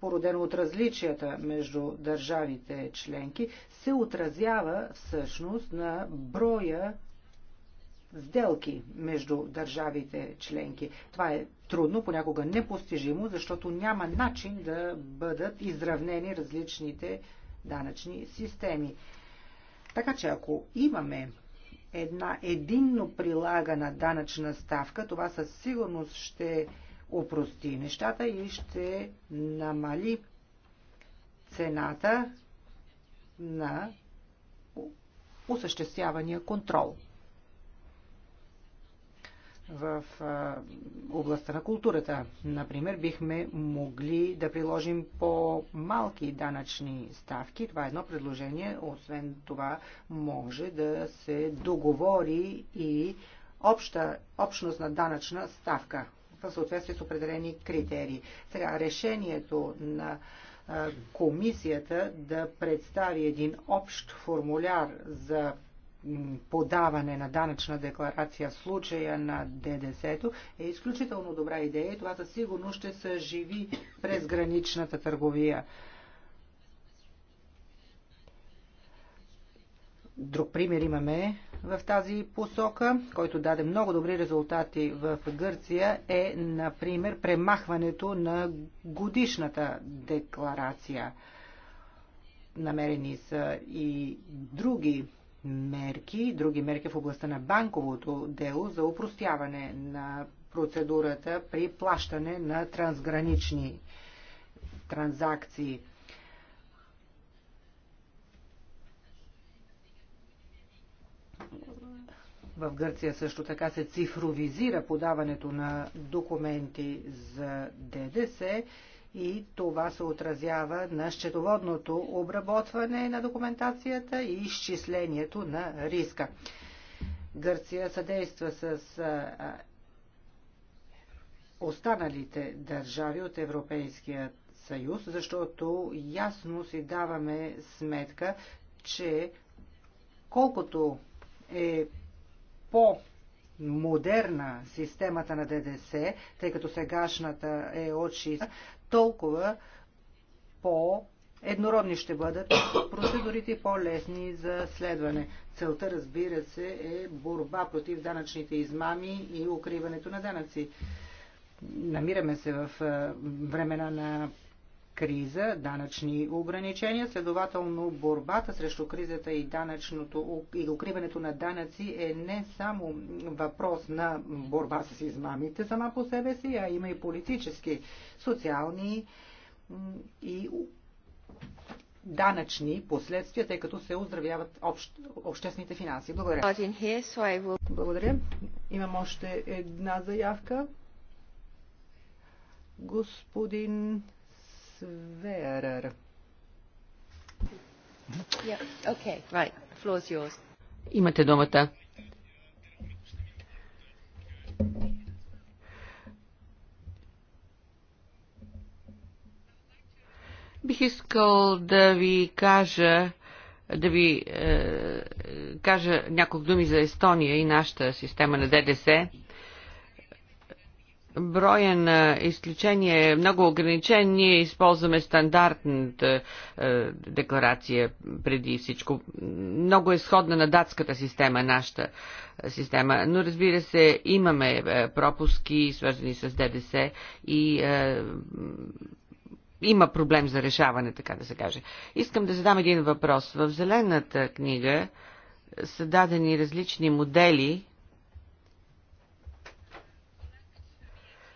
породена от различията между държавите членки, се отразява всъщност на броя сделки между държавите членки. Това е трудно, понякога непостижимо, защото няма начин да бъдат изравнени различните данъчни системи. Така че ако имаме една единно прилагана данъчна ставка, това със сигурност ще опрости нещата и ще намали цената на осъществявания контрол в областта на културата. Например, бихме могли да приложим по-малки данъчни ставки. Това е едно предложение. Освен това, може да се договори и обща, общност на данъчна ставка в съответствие с определени критерии. Сега, решението на комисията да представи един общ формуляр за подаване на данъчна декларация в случая на ДДС е изключително добра идея и това със сигурност ще се живи през граничната търговия. Друг пример имаме в тази посока, който даде много добри резултати в Гърция, е, например, премахването на годишната декларация. Намерени са и други мерки, други мерки в областта на банковото дело за упростяване на процедурата при плащане на трансгранични транзакции. В Гърция също така се цифровизира подаването на документи за ДДС и това се отразява на счетоводното обработване на документацията и изчислението на риска. Гърция съдейства с останалите държави от Европейския съюз, защото ясно си даваме сметка, че колкото е по модерна системата на ДДС, тъй като сегашната е от толкова по еднородни ще бъдат процедурите по-лесни за следване. Целта, разбира се, е борба против данъчните измами и укриването на данъци. Намираме се в времена на криза, данъчни ограничения. Следователно, борбата срещу кризата и, данъчното, и укриването на данъци е не само въпрос на борба с измамите сама по себе си, а има и политически, социални и данъчни последствия, тъй като се оздравяват общ, обществените финанси. Благодаря. Благодаря. Имам още една заявка. Господин Верер. Yeah, okay, right. The Floor is yours. Имате думата. Бих искал да ви кажа, да ви е, кажа няколко думи за Естония и нашата система на ДДС броя на изключения е много ограничен. Ние използваме стандартната е, декларация преди всичко. Много е сходна на датската система, нашата система. Но разбира се, имаме е, пропуски, свързани с ДДС и е, има проблем за решаване, така да се каже. Искам да задам един въпрос. В Зелената книга са дадени различни модели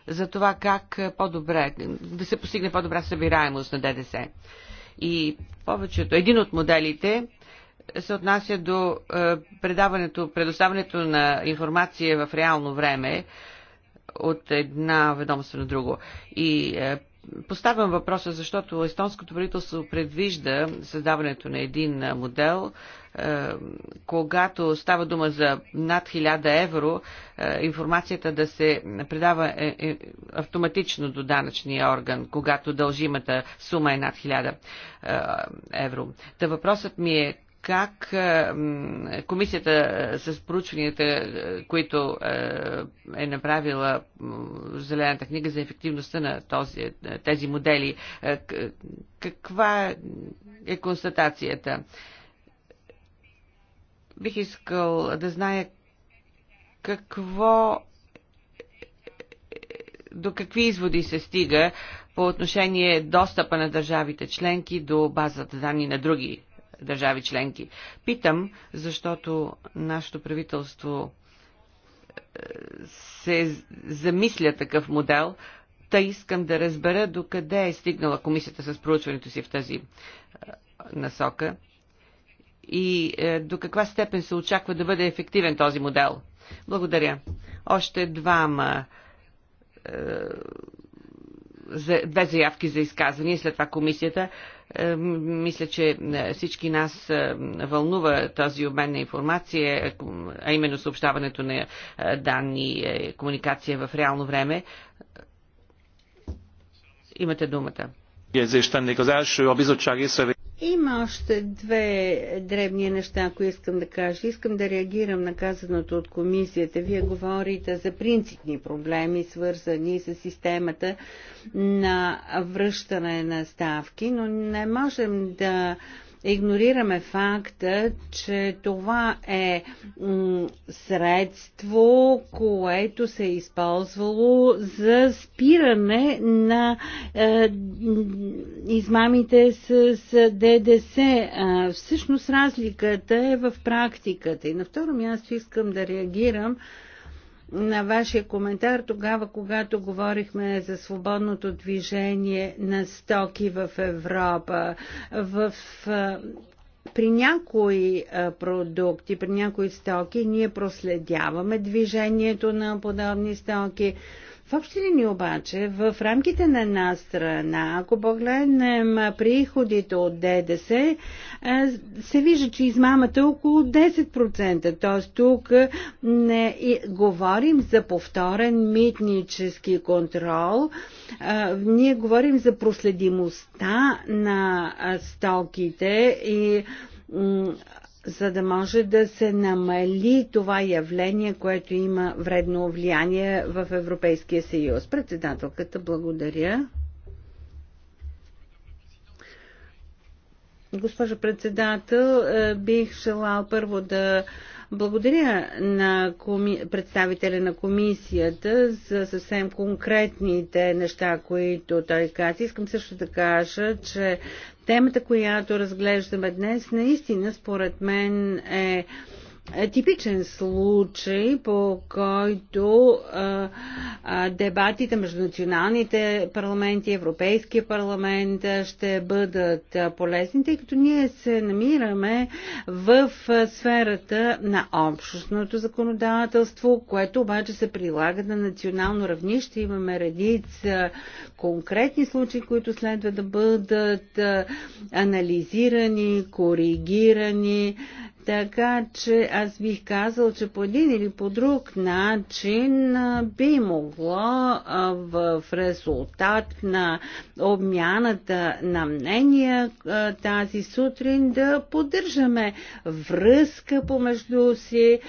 за това как е, по-добре, да се постигне по-добра събираемост на ДДС. И повечето, един от моделите е, се отнася до е, предаването, предоставянето на информация в реално време от една ведомство на друго. И Поставям въпроса, защото естонското правителство предвижда създаването на един модел, когато става дума за над 1000 евро, информацията да се предава е, е, автоматично до данъчния орган, когато дължимата сума е над 1000 евро. Та въпросът ми е как е, комисията с проучванията, е, които е, е направила Зелената книга за ефективността на този, тези модели, каква е констатацията? Бих искал да зная какво до какви изводи се стига по отношение достъпа на държавите членки до базата данни на други държави членки. Питам, защото нашето правителство е, се замисля такъв модел, та искам да разбера докъде е стигнала комисията с проучването си в тази е, насока и е, до каква степен се очаква да бъде ефективен този модел. Благодаря. Още двама две заявки за изказвания, след това комисията. Е, мисля, че е, всички нас е, вълнува този обмен на информация, а именно съобщаването на данни, комуникация в реално време. Имате думата. Има още две дребни неща, ако искам да кажа. Искам да реагирам на казаното от комисията. Вие говорите за принципни проблеми, свързани с системата на връщане на ставки, но не можем да игнорираме факта, че това е средство, което се е използвало за спиране на е, измамите с, с ДДС. Всъщност разликата е в практиката. И на второ място искам да реагирам на вашия коментар тогава, когато говорихме за свободното движение на стоки в Европа. В при някои продукти, при някои стоки, ние проследяваме движението на подобни стоки, в общи линии обаче, в рамките на една страна, ако погледнем приходите от ДДС, е, се вижда, че измамата е около 10%. Т.е. тук не говорим за повторен митнически контрол, е, ние говорим за проследимостта на стоките и за да може да се намали това явление, което има вредно влияние в Европейския съюз. Председателката, благодаря. Госпожо председател, е, бих желал първо да благодаря на коми... представителя на комисията за съвсем конкретните неща, които той каза. Искам също да кажа, че темата, която разглеждаме днес, наистина според мен е типичен случай, по който дебатите между националните парламенти, Европейския парламент ще бъдат полезни, тъй като ние се намираме в сферата на общностното законодателство, което обаче се прилага на национално равнище. Имаме редица конкретни случаи, които следва да бъдат анализирани, коригирани така че аз бих казал, че по един или по друг начин би могло в резултат на обмяната на мнения тази сутрин да поддържаме връзка помежду си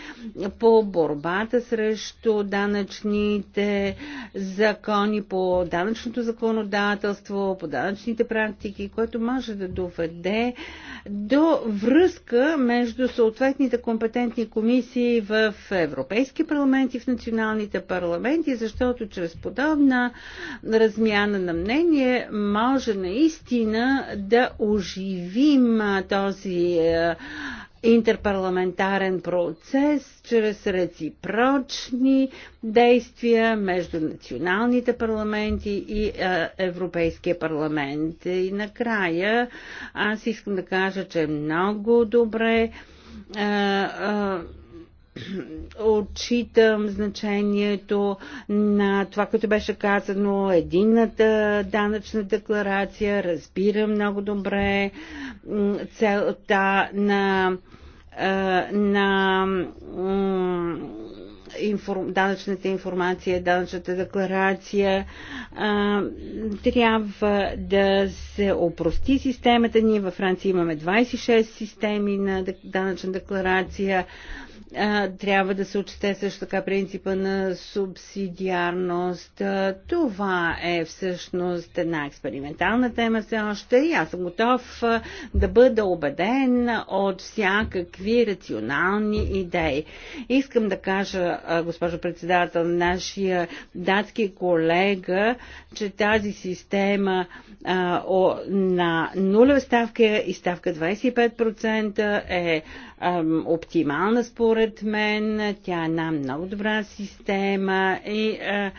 по борбата срещу данъчните закони, по данъчното законодателство, по данъчните практики, което може да доведе до връзка между между съответните компетентни комисии в Европейски парламент и в националните парламенти, защото чрез подобна размяна на мнение може наистина да оживим този е, интерпарламентарен процес чрез реципрочни действия между националните парламенти и е, Европейския парламент. И накрая аз искам да кажа, че е много добре е, е, отчитам значението на това, което беше казано, единната данъчна декларация, разбирам много добре целта на е, на информ, данъчната информация, данъчната декларация. А, трябва да се опрости системата. Ние във Франция имаме 26 системи на данъчна декларация а, трябва да се отчете също така принципа на субсидиарност. Това е всъщност една експериментална тема все още и аз съм готов да бъда убеден от всякакви рационални идеи. Искам да кажа, госпожо председател, нашия датски колега, че тази система а, о, на нулева ставка и ставка 25% е оптимална според мен. Тя е една много добра система и а,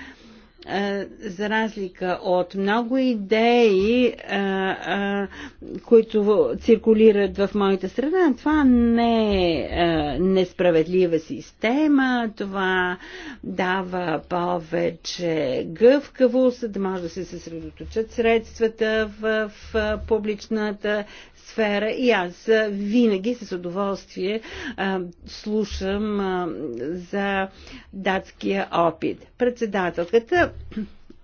за разлика от много идеи, а, а, които циркулират в моята страна, това не е а, несправедлива система, това дава повече гъвкавост, да може да се съсредоточат средствата в, в публичната сфера и аз винаги с удоволствие а, слушам а, за датския опит. Председателката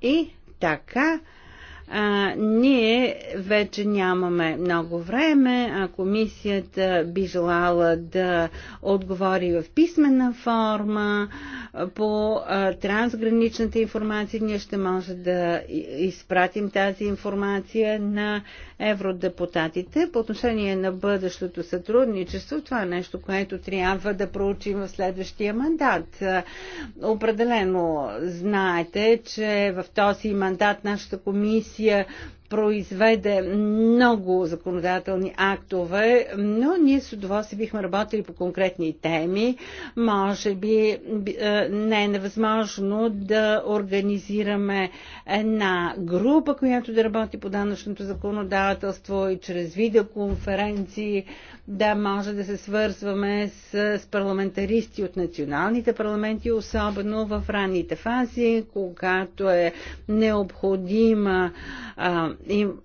и така. А, ние вече нямаме много време. А комисията би желала да отговори в писмена форма, по трансграничната информация. Ние ще може да изпратим тази информация на евродепутатите. По отношение на бъдещото сътрудничество, това е нещо, което трябва да проучим в следващия мандат. Определено знаете, че в този мандат нашата комисия произведе много законодателни актове, но ние с удоволствие бихме работили по конкретни теми. Може би е, не е невъзможно да организираме една група, която да работи по данъчното законодателство и чрез видеоконференции да може да се свързваме с, с парламентаристи от националните парламенти, особено в ранните фази, когато е необходима а, им,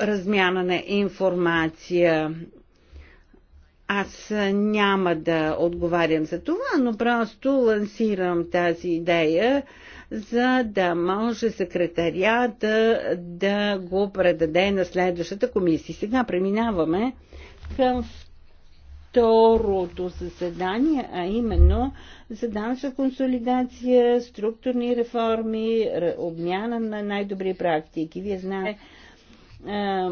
размяна на информация. Аз няма да отговарям за това, но просто лансирам тази идея, за да може секретарията да го предаде на следващата комисия. Сега преминаваме към второто заседание, а именно за данша консолидация, структурни реформи, обмяна на най-добри практики. Вие знаете, е,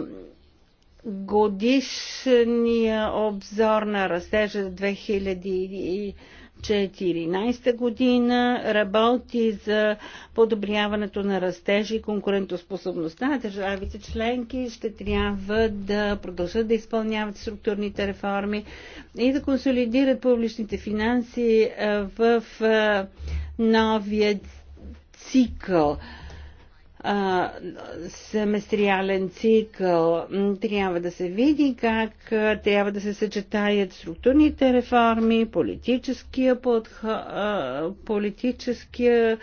годишния обзор на растежа за 2014 година работи за подобряването на растежа и конкурентоспособността. на Държавите членки ще трябва да продължат да изпълняват структурните реформи и да консолидират публичните финанси е, в е, новия цикъл семестриален цикъл. Трябва да се види как трябва да се съчетаят структурните реформи, политическия подход, политическия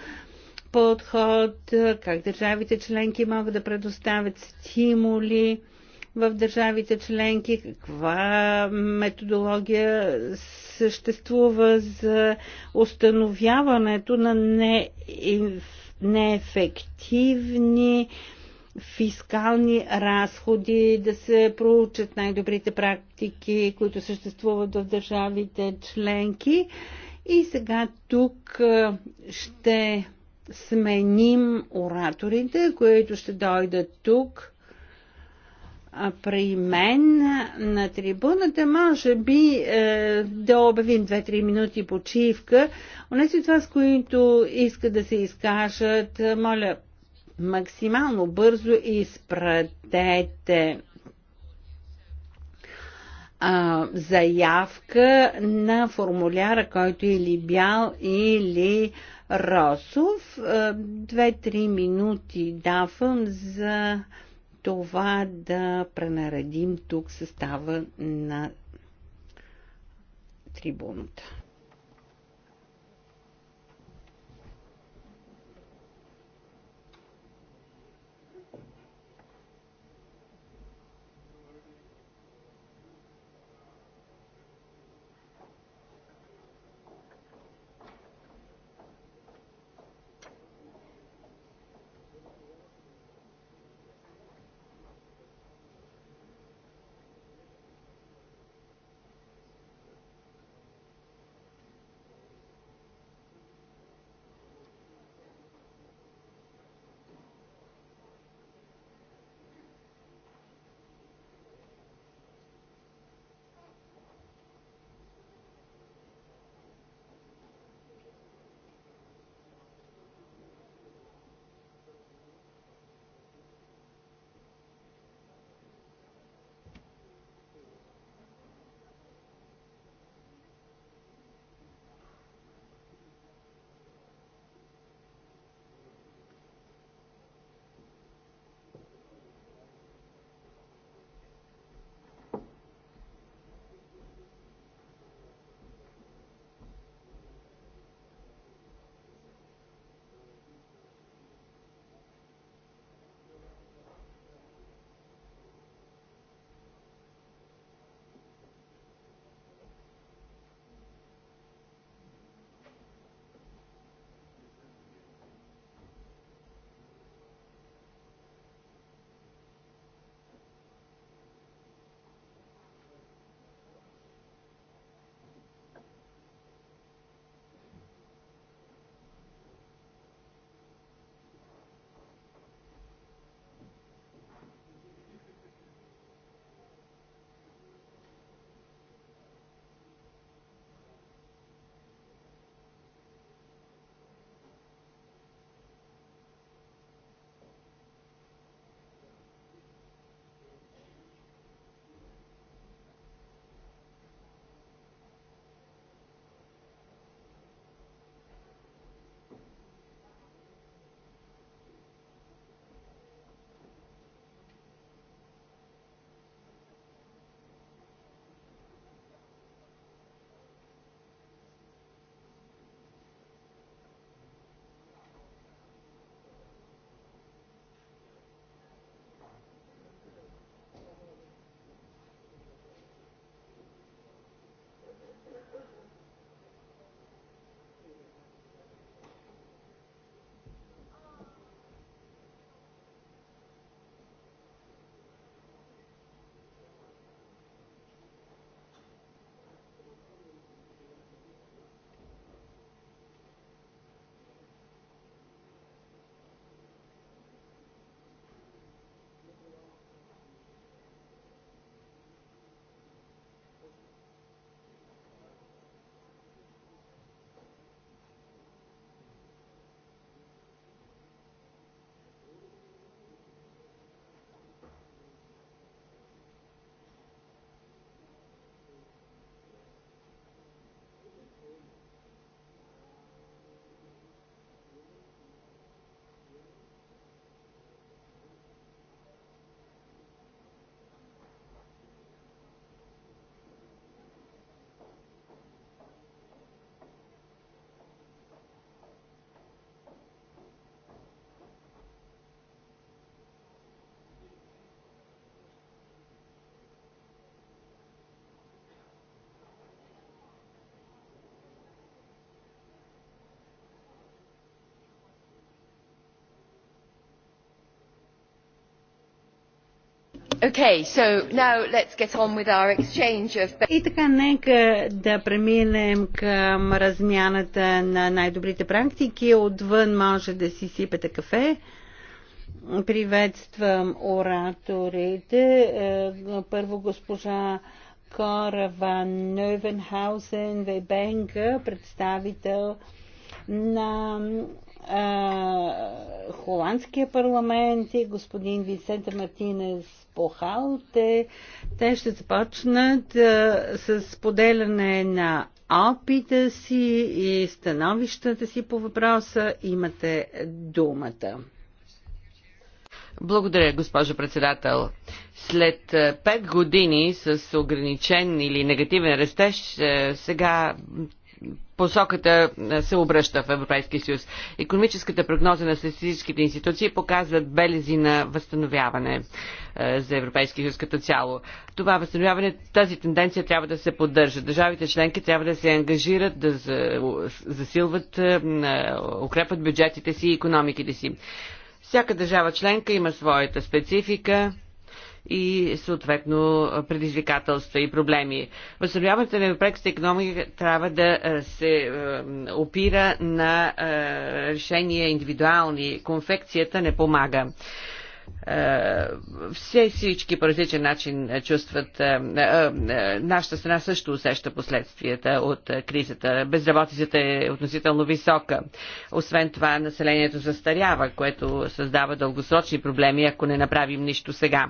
подход, как държавите членки могат да предоставят стимули в държавите членки, каква методология съществува за установяването на неинфекционни неефективни фискални разходи, да се проучат най-добрите практики, които съществуват в държавите членки. И сега тук ще сменим ораторите, които ще дойдат тук при мен на трибуната, може би е, да обявим 2-3 минути почивка. Унеси това, с които искат да се изкажат, моля, максимално бързо изпратете заявка на формуляра, който или бял, или Росов. Е, две-три минути давам за това да пренаредим тук състава на трибуната. И така, нека да преминем към размяната на най-добрите практики. Отвън може да си сипете кафе. Приветствам ораторите. Е, първо госпожа Кора Ван Нойвенхаузен Вебенга, представител на Холандския парламент и господин Висента Мартинес Похалте. Те ще започнат с поделяне на опита си и становищата си по въпроса. Имате думата. Благодаря, госпожо председател. След 5 години с ограничен или негативен растеж, сега посоката се обръща в Европейския съюз. Економическата прогноза на статистическите институции показват белези на възстановяване за Европейския съюз като цяло. Това възстановяване, тази тенденция трябва да се поддържа. Държавите членки трябва да се ангажират, да засилват, укрепват бюджетите си и економиките си. Всяка държава членка има своята специфика, и съответно предизвикателства и проблеми. Възстановяването на европейската економика трябва да е, се е, опира на е, решения индивидуални. Конфекцията не помага все всички по различен начин чувстват. Нашата страна също усеща последствията от кризата. Безработицата е относително висока. Освен това, населението застарява, което създава дългосрочни проблеми, ако не направим нищо сега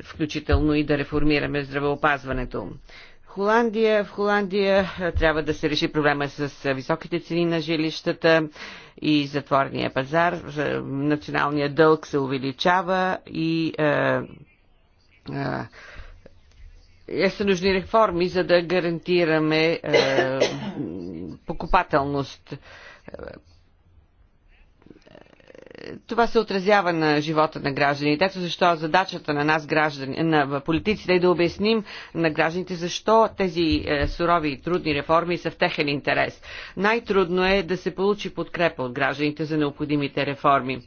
включително и да реформираме здравеопазването. Холандия. В Холандия трябва да се реши проблема с високите цени на жилищата и затворния пазар. Националният дълг се увеличава и е, е, е, са нужни реформи, за да гарантираме е, покупателност това се отразява на живота на гражданите. Ето защо задачата на нас, граждани, на политиците, е да обясним на гражданите защо тези е, сурови и трудни реформи са в техен интерес. Най-трудно е да се получи подкрепа от гражданите за необходимите реформи.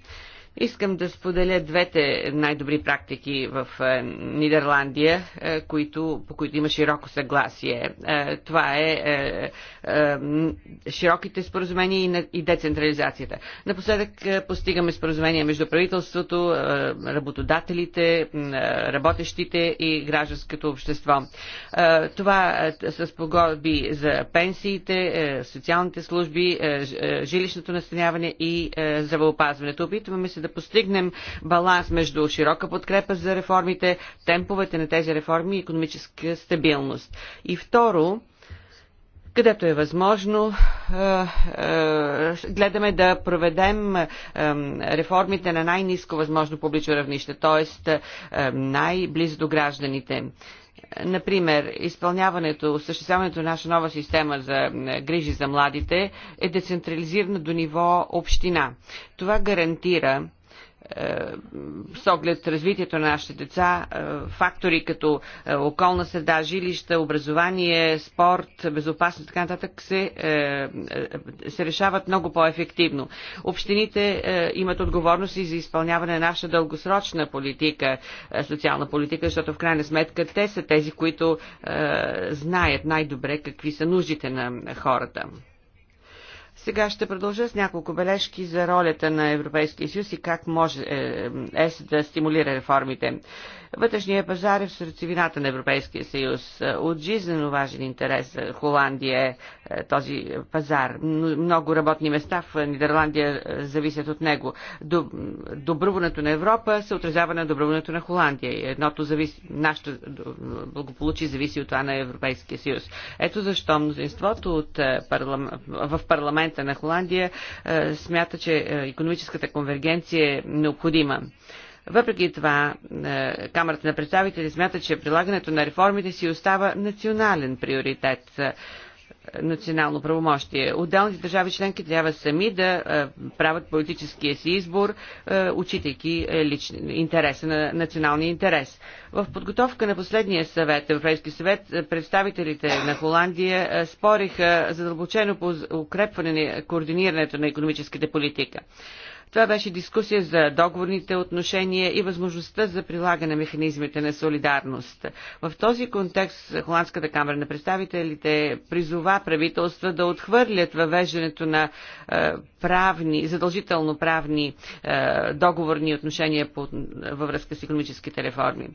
Искам да споделя двете най-добри практики в е, Нидерландия, е, които, по които има широко съгласие. Е, това е, широките споразумения и, децентрализацията. Напоследък постигаме споразумения между правителството, работодателите, работещите и гражданското общество. Това с погодби за пенсиите, социалните служби, жилищното настаняване и здравеопазването. Опитваме се да постигнем баланс между широка подкрепа за реформите, темповете на тези реформи и економическа стабилност. И второ, където е възможно, е, е, гледаме да проведем е, реформите на най-низко възможно публично равнище, т.е. най-близо до гражданите. Например, изпълняването, осъществяването на наша нова система за грижи за младите е децентрализирана до ниво община. Това гарантира е, с оглед развитието на нашите деца, е, фактори като е, околна среда, жилища, образование, спорт, безопасност, така нататък се, се решават много по-ефективно. Общините имат отговорност и за изпълняване на наша дългосрочна политика, социална политика, защото в крайна сметка те са тези, които знаят най-добре какви са нуждите на хората. Сега ще продължа с няколко бележки за ролята на Европейския съюз и как може е, ЕС да стимулира реформите. Вътрешния пазар е в сърцевината на Европейския съюз. От жизненно важен интерес за Холандия е, е този пазар. Много работни места в Нидерландия е, зависят от него. Добруването на Европа се отразява на доброването на Холандия. Едното зависи, нашето благополучие зависи от това на Европейския съюз. Ето защо мнозинството от в парламент Комисията на Холандия е, смята, че економическата конвергенция е необходима. Въпреки това, е, Камерата на представители смята, че прилагането на реформите си остава национален приоритет национално правомощие. Отделните държави членки трябва сами да е, правят политическия си избор, учитайки е, е, лични, интереса на националния интерес. В подготовка на последния съвет, Европейски съвет, представителите на Холандия спориха задълбочено по укрепване на координирането на економическите политика. Това беше дискусия за договорните отношения и възможността за прилагане на механизмите на солидарност. В този контекст Холандската камера на представителите призова правителства да отхвърлят въвеждането на е, правни, задължително правни е, договорни отношения по, във връзка с економическите реформи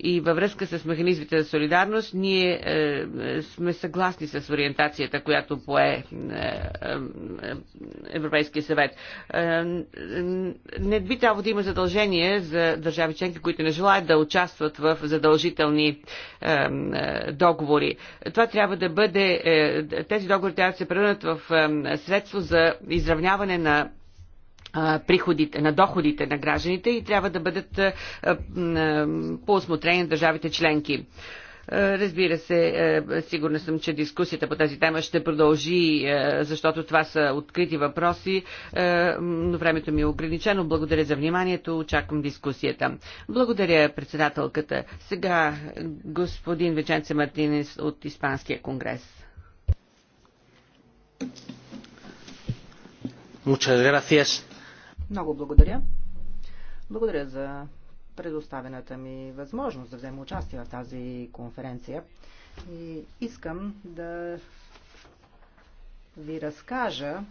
и във връзка с механизмите за солидарност, ние е, е, сме съгласни с ориентацията, която пое е, е, Европейския съвет. Е, не би трябвало да има задължение за държави членки, които не желаят да участват в задължителни е, е договори. Това трябва да бъде, е, тези договори трябва да се превърнат в е, средство за изравняване на приходите, на доходите на гражданите и трябва да бъдат по осмотрение на държавите членки. Разбира се, сигурна съм, че дискусията по тази тема ще продължи, защото това са открити въпроси, но времето ми е ограничено. Благодаря за вниманието, очаквам дискусията. Благодаря председателката. Сега господин Веченце Мартинес от Испанския конгрес. Muchas gracias. Много благодаря. Благодаря за предоставената ми възможност да взема участие в тази конференция. И искам да ви разкажа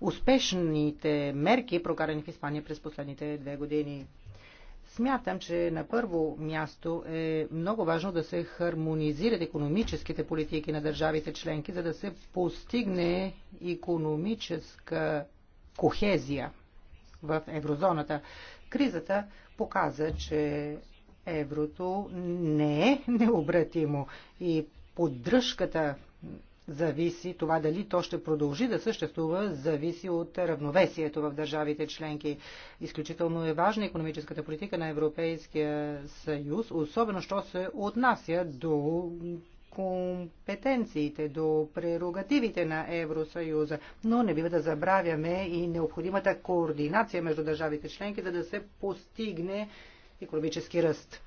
успешните мерки, прокарани в Испания през последните две години. Смятам, че на първо място е много важно да се хармонизират економическите политики на държавите членки, за да се постигне економическа кохезия в еврозоната. Кризата показа, че еврото не е необратимо и поддръжката зависи, това дали то ще продължи да съществува, зависи от равновесието в държавите членки. Изключително е важна економическата политика на Европейския съюз, особено що се отнася до компетенциите, до прерогативите на Евросъюза. Но не бива да забравяме и необходимата координация между държавите членки, за да се постигне економически ръст.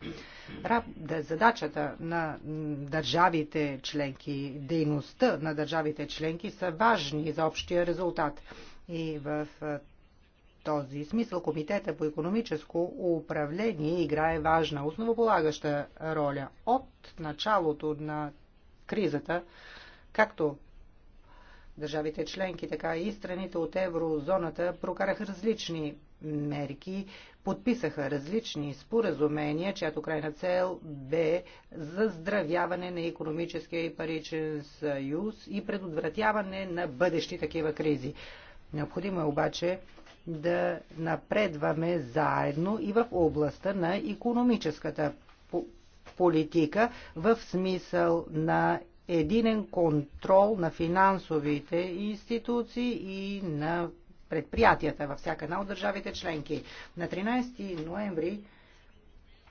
Задачата на държавите членки, дейността на държавите членки са важни за общия резултат. И в този смисъл Комитета по економическо управление играе важна основополагаща роля. От началото на кризата, както държавите членки, така и страните от еврозоната прокараха различни мерки, подписаха различни споразумения, чиято крайна цел бе заздравяване на економическия и паричен съюз и предотвратяване на бъдещи такива кризи. Необходимо е обаче да напредваме заедно и в областта на економическата политика в смисъл на единен контрол на финансовите институции и на предприятията във всяка една от държавите членки. На 13 ноември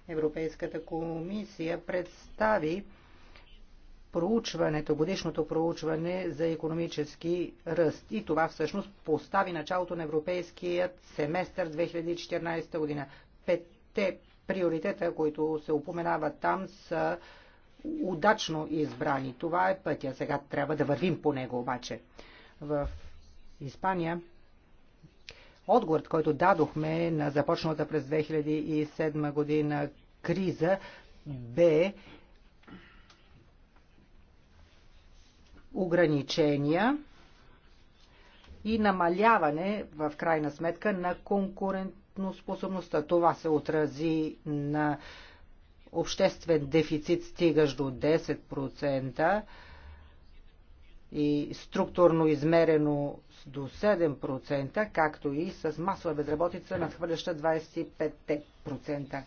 Европейската комисия представи проучването, годишното проучване за економически ръст. И това всъщност постави началото на европейският семестър 2014 година. Петте приоритета, които се упоменават там, са удачно избрани. Това е пътя. Сега трябва да вървим по него обаче. В Испания отговорът, който дадохме на започната през 2007 година криза, бе ограничения и намаляване в крайна сметка на конкурент конкурентоспособността. Това се отрази на обществен дефицит, стигащ до 10% и структурно измерено до 7%, както и с масова безработица надхвърляща 25%.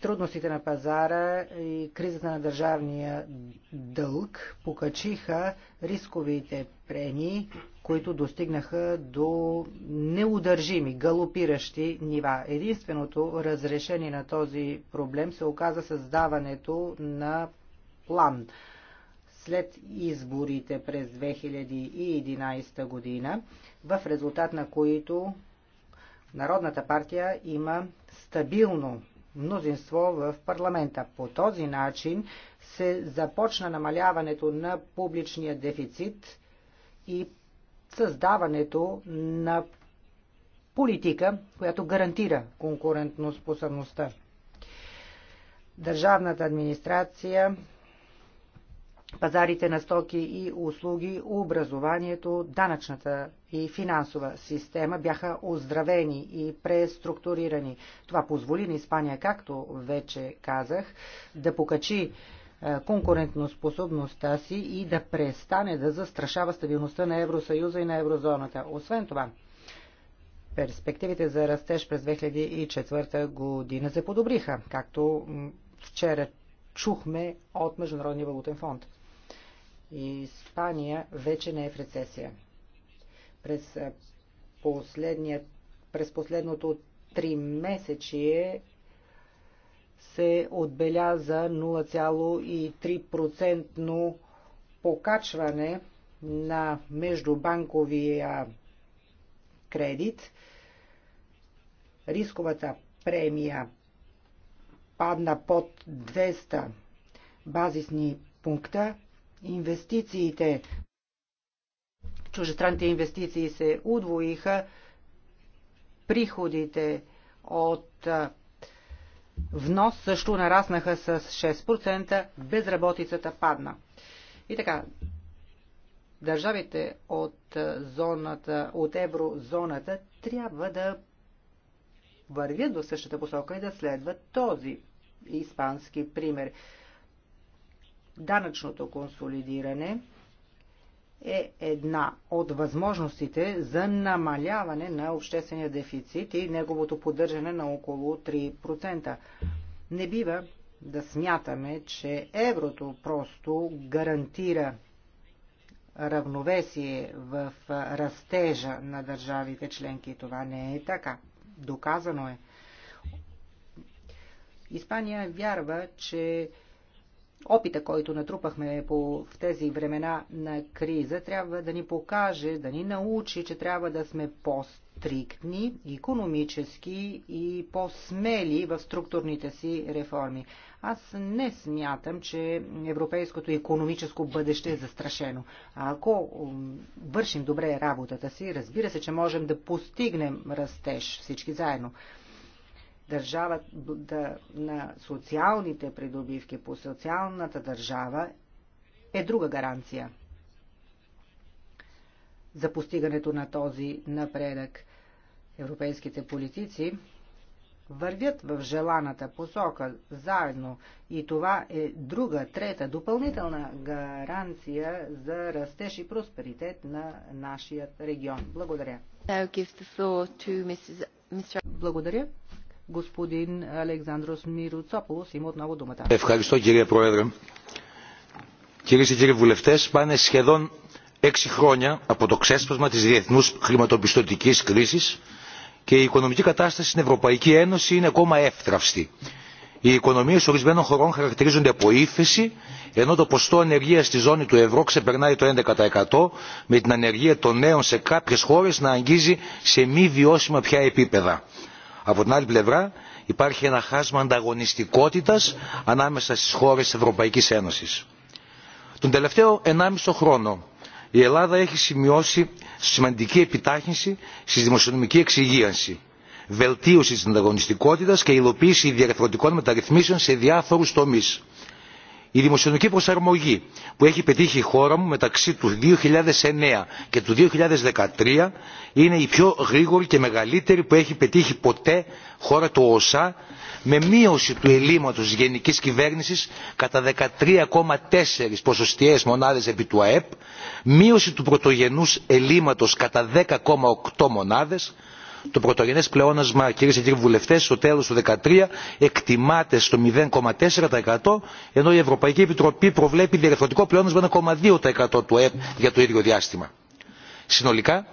Трудностите на пазара и кризата на държавния дълг покачиха рисковите премии които достигнаха до неудържими, галопиращи нива. Единственото разрешение на този проблем се оказа създаването на план. След изборите през 2011 година, в резултат на които Народната партия има стабилно мнозинство в парламента. По този начин се започна намаляването на публичния дефицит и създаването на политика, която гарантира конкурентноспособността. Държавната администрация, пазарите на стоки и услуги, образованието, данъчната и финансова система бяха оздравени и преструктурирани. Това позволи на Испания, както вече казах, да покачи е, конкурентноспособността си и да престане да застрашава стабилността на Евросъюза и на еврозоната. Освен това, перспективите за растеж през 2004 година се подобриха, както вчера чухме от Международния валутен фонд. Испания вече не е в рецесия. През, е, последния, през последното три месечие се отбеляза 0,3% покачване на междубанковия кредит. Рисковата премия падна под 200 базисни пункта. Инвестициите, чужестранните инвестиции се удвоиха. Приходите от внос също нараснаха с 6%, безработицата падна. И така, държавите от, е, зоната, от еврозоната трябва да вървят в същата посока и да следват този испански пример. Данъчното консолидиране – е една от възможностите за намаляване на обществения дефицит и неговото поддържане на около 3%. Не бива да смятаме, че еврото просто гарантира равновесие в растежа на държавите членки. Това не е така. Доказано е. Испания вярва, че опита, който натрупахме по, в тези времена на криза, трябва да ни покаже, да ни научи, че трябва да сме по-стриктни, економически и по-смели в структурните си реформи. Аз не смятам, че европейското економическо бъдеще е застрашено. А ако вършим добре работата си, разбира се, че можем да постигнем растеж всички заедно държавата на социалните придобивки по социалната държава е друга гаранция за постигането на този напредък. Европейските политици вървят в желаната посока заедно и това е друга, трета, допълнителна гаранция за растеж и просперитет на нашия регион. Благодаря. Благодаря господин Александрос има отново думата. Ευχαριστώ κύριε Πρόεδρε. Κυρίε και κύριοι βουλευτέ, πάνε σχεδόν έξι χρόνια από το ξέσπασμα τη διεθνού χρηματοπιστωτική κρίση και η οικονομική κατάσταση στην Ευρωπαϊκή Ένωση είναι ακόμα εύθραυστη. Οι οικονομίε ορισμένων χωρών χαρακτηρίζονται από ύφεση, ενώ το ποστό ανεργία στη ζώνη του ευρώ ξεπερνάει το 11%, με την ανεργία των νέων σε κάποιε χώρε να αγγίζει σε μη βιώσιμα πια επίπεδα. Από την άλλη πλευρά υπάρχει ένα χάσμα ανταγωνιστικότητας ανάμεσα στις χώρες της Ευρωπαϊκής Ένωσης. Τον τελευταίο 1,5 χρόνο η Ελλάδα έχει σημειώσει σημαντική επιτάχυνση στη δημοσιονομική εξυγίανση, βελτίωση της ανταγωνιστικότητας και υλοποίηση διαρθρωτικών μεταρρυθμίσεων σε διάφορους τομείς Η δημοσιονομική προσαρμογή που έχει πετύχει η χώρα μου μεταξύ του 2009 και του 2013 είναι η πιο γρήγορη και μεγαλύτερη που έχει πετύχει ποτέ χώρα του ΟΣΑ με μείωση του ελλείμματος της γενικής κυβέρνησης κατά 13,4 ποσοστιαίες μονάδες επί του ΑΕΠ, μείωση του πρωτογενούς ελλείμματος κατά 10,8 μονάδες, Το πρωτογενές πλεόνασμα, κυρίε και κύριοι βουλευτές, στο τέλος του 2013 εκτιμάται στο 0,4% ενώ η Ευρωπαϊκή Επιτροπή προβλέπει διαρθρωτικό πλεόνασμα 1,2% του ΕΠ για το ίδιο διάστημα. Συνολικά,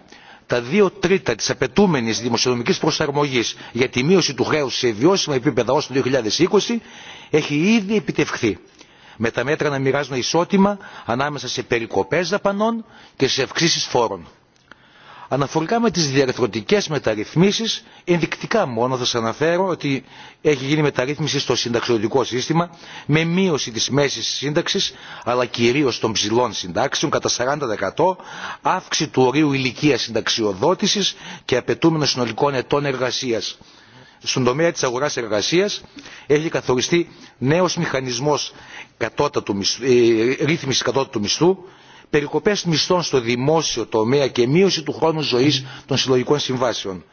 τα δύο τρίτα της απαιτούμενης δημοσιονομικής προσαρμογής για τη μείωση του χρέους σε βιώσιμα επίπεδα ως το 2020 έχει ήδη επιτευχθεί με τα μέτρα να μοιράζουν ισότιμα ανάμεσα σε περικοπές δαπανών και σε αυξήσεις φόρων. Αναφορικά με τις διαρθρωτικές μεταρρυθμίσεις, ενδεικτικά μόνο θα σας αναφέρω ότι έχει γίνει μεταρρύθμιση στο συνταξιδοτικό σύστημα με μείωση της μέσης σύνταξης αλλά κυρίως των ψηλών συντάξεων κατά 40%, αύξηση του ορίου ηλικίας συνταξιοδότησης και απαιτούμενων συνολικών ετών εργασίας στον τομέα της αγοράς εργασίας έχει καθοριστεί νέος μηχανισμός κατώτατου μισθού, ρύθμισης κατώτατου μισθού περικοπές μισθών στο δημόσιο τομέα και μείωση του χρόνου ζωής των συλλογικών συμβάσεων.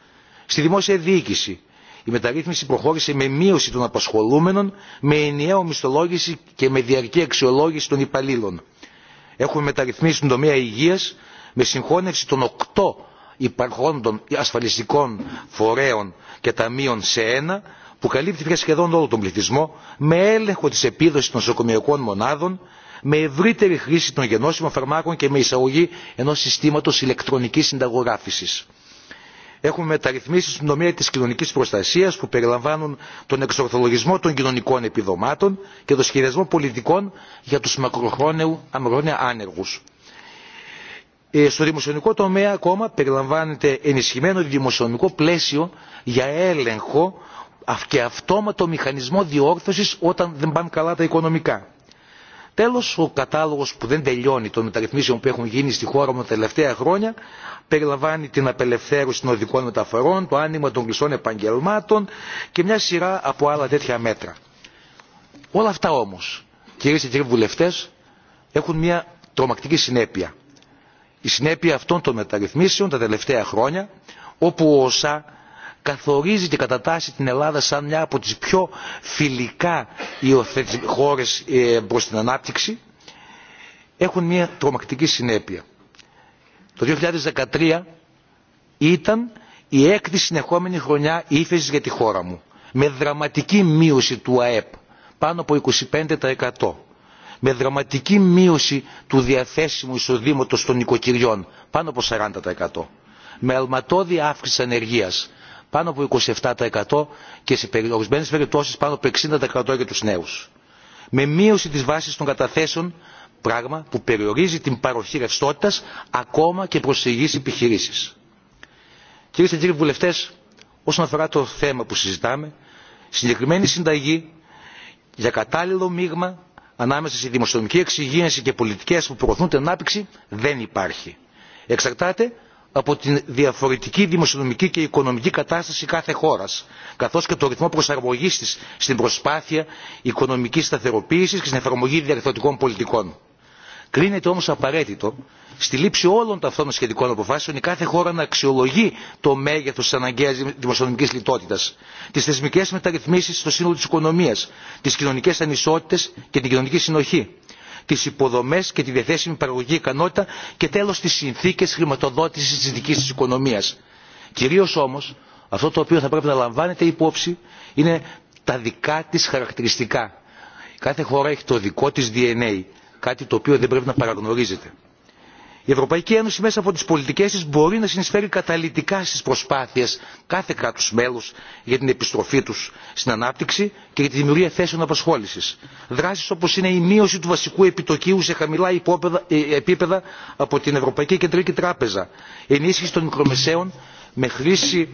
Στη δημόσια διοίκηση, η μεταρρύθμιση προχώρησε με μείωση των απασχολούμενων, με ενιαίο μισθολόγηση και με διαρκή αξιολόγηση των υπαλλήλων. Έχουμε μεταρρυθμίσει τον τομέα υγεία με συγχώνευση των οκτώ υπαρχόντων ασφαλιστικών φορέων και ταμείων σε ένα που καλύπτει πια σχεδόν όλο τον πληθυσμό με έλεγχο τη επίδοση των νοσοκομειακών μονάδων με ευρύτερη χρήση των γενώσιμων φαρμάκων και με εισαγωγή ενός συστήματος ηλεκτρονικής συνταγογράφησης. Έχουμε μεταρρυθμίσει στην νομία της κοινωνικής προστασίας που περιλαμβάνουν τον εξορθολογισμό των κοινωνικών επιδομάτων και τον σχεδιασμό πολιτικών για τους μακροχρόνια άνεργους. Στο δημοσιονομικό τομέα ακόμα περιλαμβάνεται ενισχυμένο δημοσιονομικό πλαίσιο για έλεγχο και αυτόματο μηχανισμό διόρθωσης όταν δεν πάνε καλά τα οικονομικά. Τέλος, ο κατάλογος που δεν τελειώνει των μεταρρυθμίσεων που έχουν γίνει στη χώρα μου τα τελευταία χρόνια περιλαμβάνει την απελευθέρωση των οδικών μεταφορών, το άνοιγμα των κλειστών επαγγελμάτων και μια σειρά από άλλα τέτοια μέτρα. Όλα αυτά όμως, κυρίες και κύριοι βουλευτές, έχουν μια τρομακτική συνέπεια. Η συνέπεια αυτών των μεταρρυθμίσεων τα τελευταία χρόνια, όπου ο ΩΣΑ καθορίζει και κατατάσσει την Ελλάδα σαν μια από τις πιο φιλικά χώρες προς την ανάπτυξη έχουν μια τρομακτική συνέπεια. Το 2013 ήταν η έκτη συνεχόμενη χρονιά ύφεση για τη χώρα μου με δραματική μείωση του ΑΕΠ πάνω από 25% με δραματική μείωση του διαθέσιμου εισοδήματος των οικοκυριών πάνω από 40% με αλματώδη αύξηση ανεργίας πάνω από 27% και σε ορισμένε περιπτώσει πάνω από 60% για του νέου. Με μείωση τη βάση των καταθέσεων, πράγμα που περιορίζει την παροχή ρευστότητα ακόμα και προ υγιεί επιχειρήσει. Κυρίε και κύριοι βουλευτέ, όσον αφορά το θέμα που συζητάμε, συγκεκριμένη συνταγή για κατάλληλο μείγμα ανάμεσα στη δημοσιονομική εξυγίανση και πολιτικέ που προωθούν την ανάπτυξη δεν υπάρχει. Εξαρτάται από τη διαφορετική δημοσιονομική και οικονομική κατάσταση κάθε χώρας, καθώς και το ρυθμό προσαρμογής της στην προσπάθεια οικονομικής σταθεροποίησης και στην εφαρμογή διαρθρωτικών πολιτικών. Κρίνεται όμως απαραίτητο στη λήψη όλων ταυτών σχετικών αποφάσεων η κάθε χώρα να αξιολογεί το μέγεθος της αναγκαίας δημοσιονομικής λιτότητας, τις θεσμικές μεταρρυθμίσεις στο σύνολο της οικονομίας, τις κοινωνικές ανισότητες και την κοινωνική συνοχή τις υποδομές και τη διαθέσιμη παραγωγική ικανότητα και τέλος τις συνθήκες χρηματοδότησης της δικής της οικονομίας. Κυρίως όμως αυτό το οποίο θα πρέπει να λαμβάνετε υπόψη είναι τα δικά της χαρακτηριστικά. Κάθε χώρα έχει το δικό της DNA, κάτι το οποίο δεν πρέπει να παραγνωρίζεται. Η Ευρωπαϊκή Ένωση μέσα από τι πολιτικέ τη μπορεί να συνεισφέρει καταλυτικά στι προσπάθειε κάθε κράτου μέλου για την επιστροφή του στην ανάπτυξη και για τη δημιουργία θέσεων απασχόληση. Δράσει όπω είναι η μείωση του βασικού επιτοκίου σε χαμηλά επίπεδα από την Ευρωπαϊκή Κεντρική Τράπεζα, ενίσχυση των μικρομεσαίων με χρήση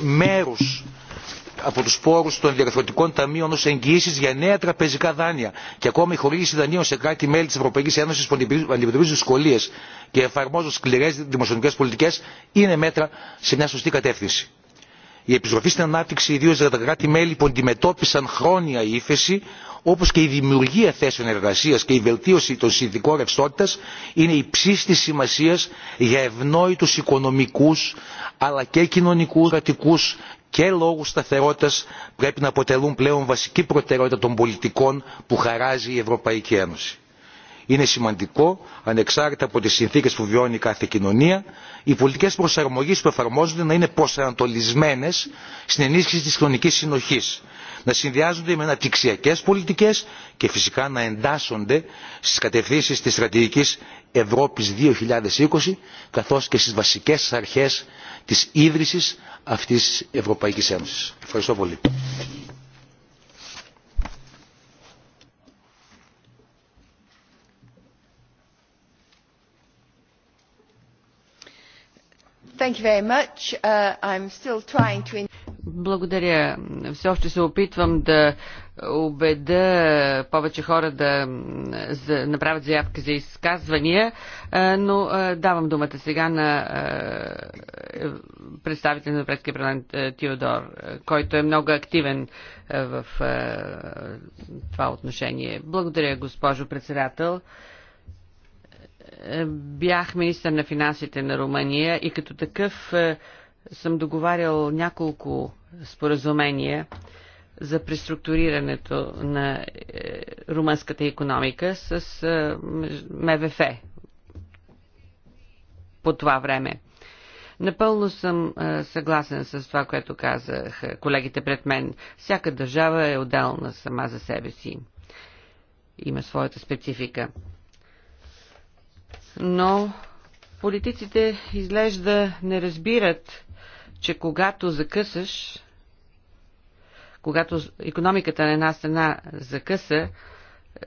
μέρου από του πόρου των διαρθρωτικών ταμείων ω εγγυήσει για νέα τραπεζικά δάνεια και ακόμα η χορήγηση δανείων σε κράτη-μέλη τη Ευρωπαϊκή Ένωση που αντιμετωπίζουν δυσκολίε και εφαρμόζουν σκληρέ δημοσιονομικέ πολιτικέ, είναι μέτρα σε μια σωστή κατεύθυνση. Η επιστροφή στην ανάπτυξη ιδίω για τα κράτη-μέλη που αντιμετώπισαν χρόνια ύφεση όπω και η δημιουργία θέσεων εργασία και η βελτίωση των συνδικών ρευστότητα είναι τη σημασία για ευνόητου οικονομικού, αλλά και κοινωνικού, κρατικού και λόγου σταθερότητα πρέπει να αποτελούν πλέον βασική προτεραιότητα των πολιτικών που χαράζει η Ευρωπαϊκή Ένωση. Είναι σημαντικό, ανεξάρτητα από τι συνθήκε που βιώνει κάθε κοινωνία, οι πολιτικέ προσαρμογές που εφαρμόζονται να είναι προσανατολισμένε στην ενίσχυση τη κοινωνική συνοχή να συνδυάζονται με αναπτυξιακέ πολιτικέ και φυσικά να εντάσσονται στι κατευθύνσει τη στρατηγική Ευρώπη 2020 καθώ και στι βασικέ αρχέ τη ίδρυση αυτή τη Ευρωπαϊκή Ένωση. Ευχαριστώ πολύ. Uh, Благодаря. Все още се опитвам да убеда повече хора да направят заявка за изказвания, но давам думата сега на представител на Европейския парламент Теодор, който е много активен в това отношение. Благодаря, госпожо председател. Е, бях министър на финансите на Румъния и като такъв е, съм договарял няколко споразумения за преструктурирането на е, румънската економика с МВФ по това време. Напълно съм съгласен с това, което казах колегите пред мен. Всяка държава е отделна сама за себе си. Има своята специфика но политиците изглежда не разбират, че когато закъсаш, когато економиката на една страна закъса,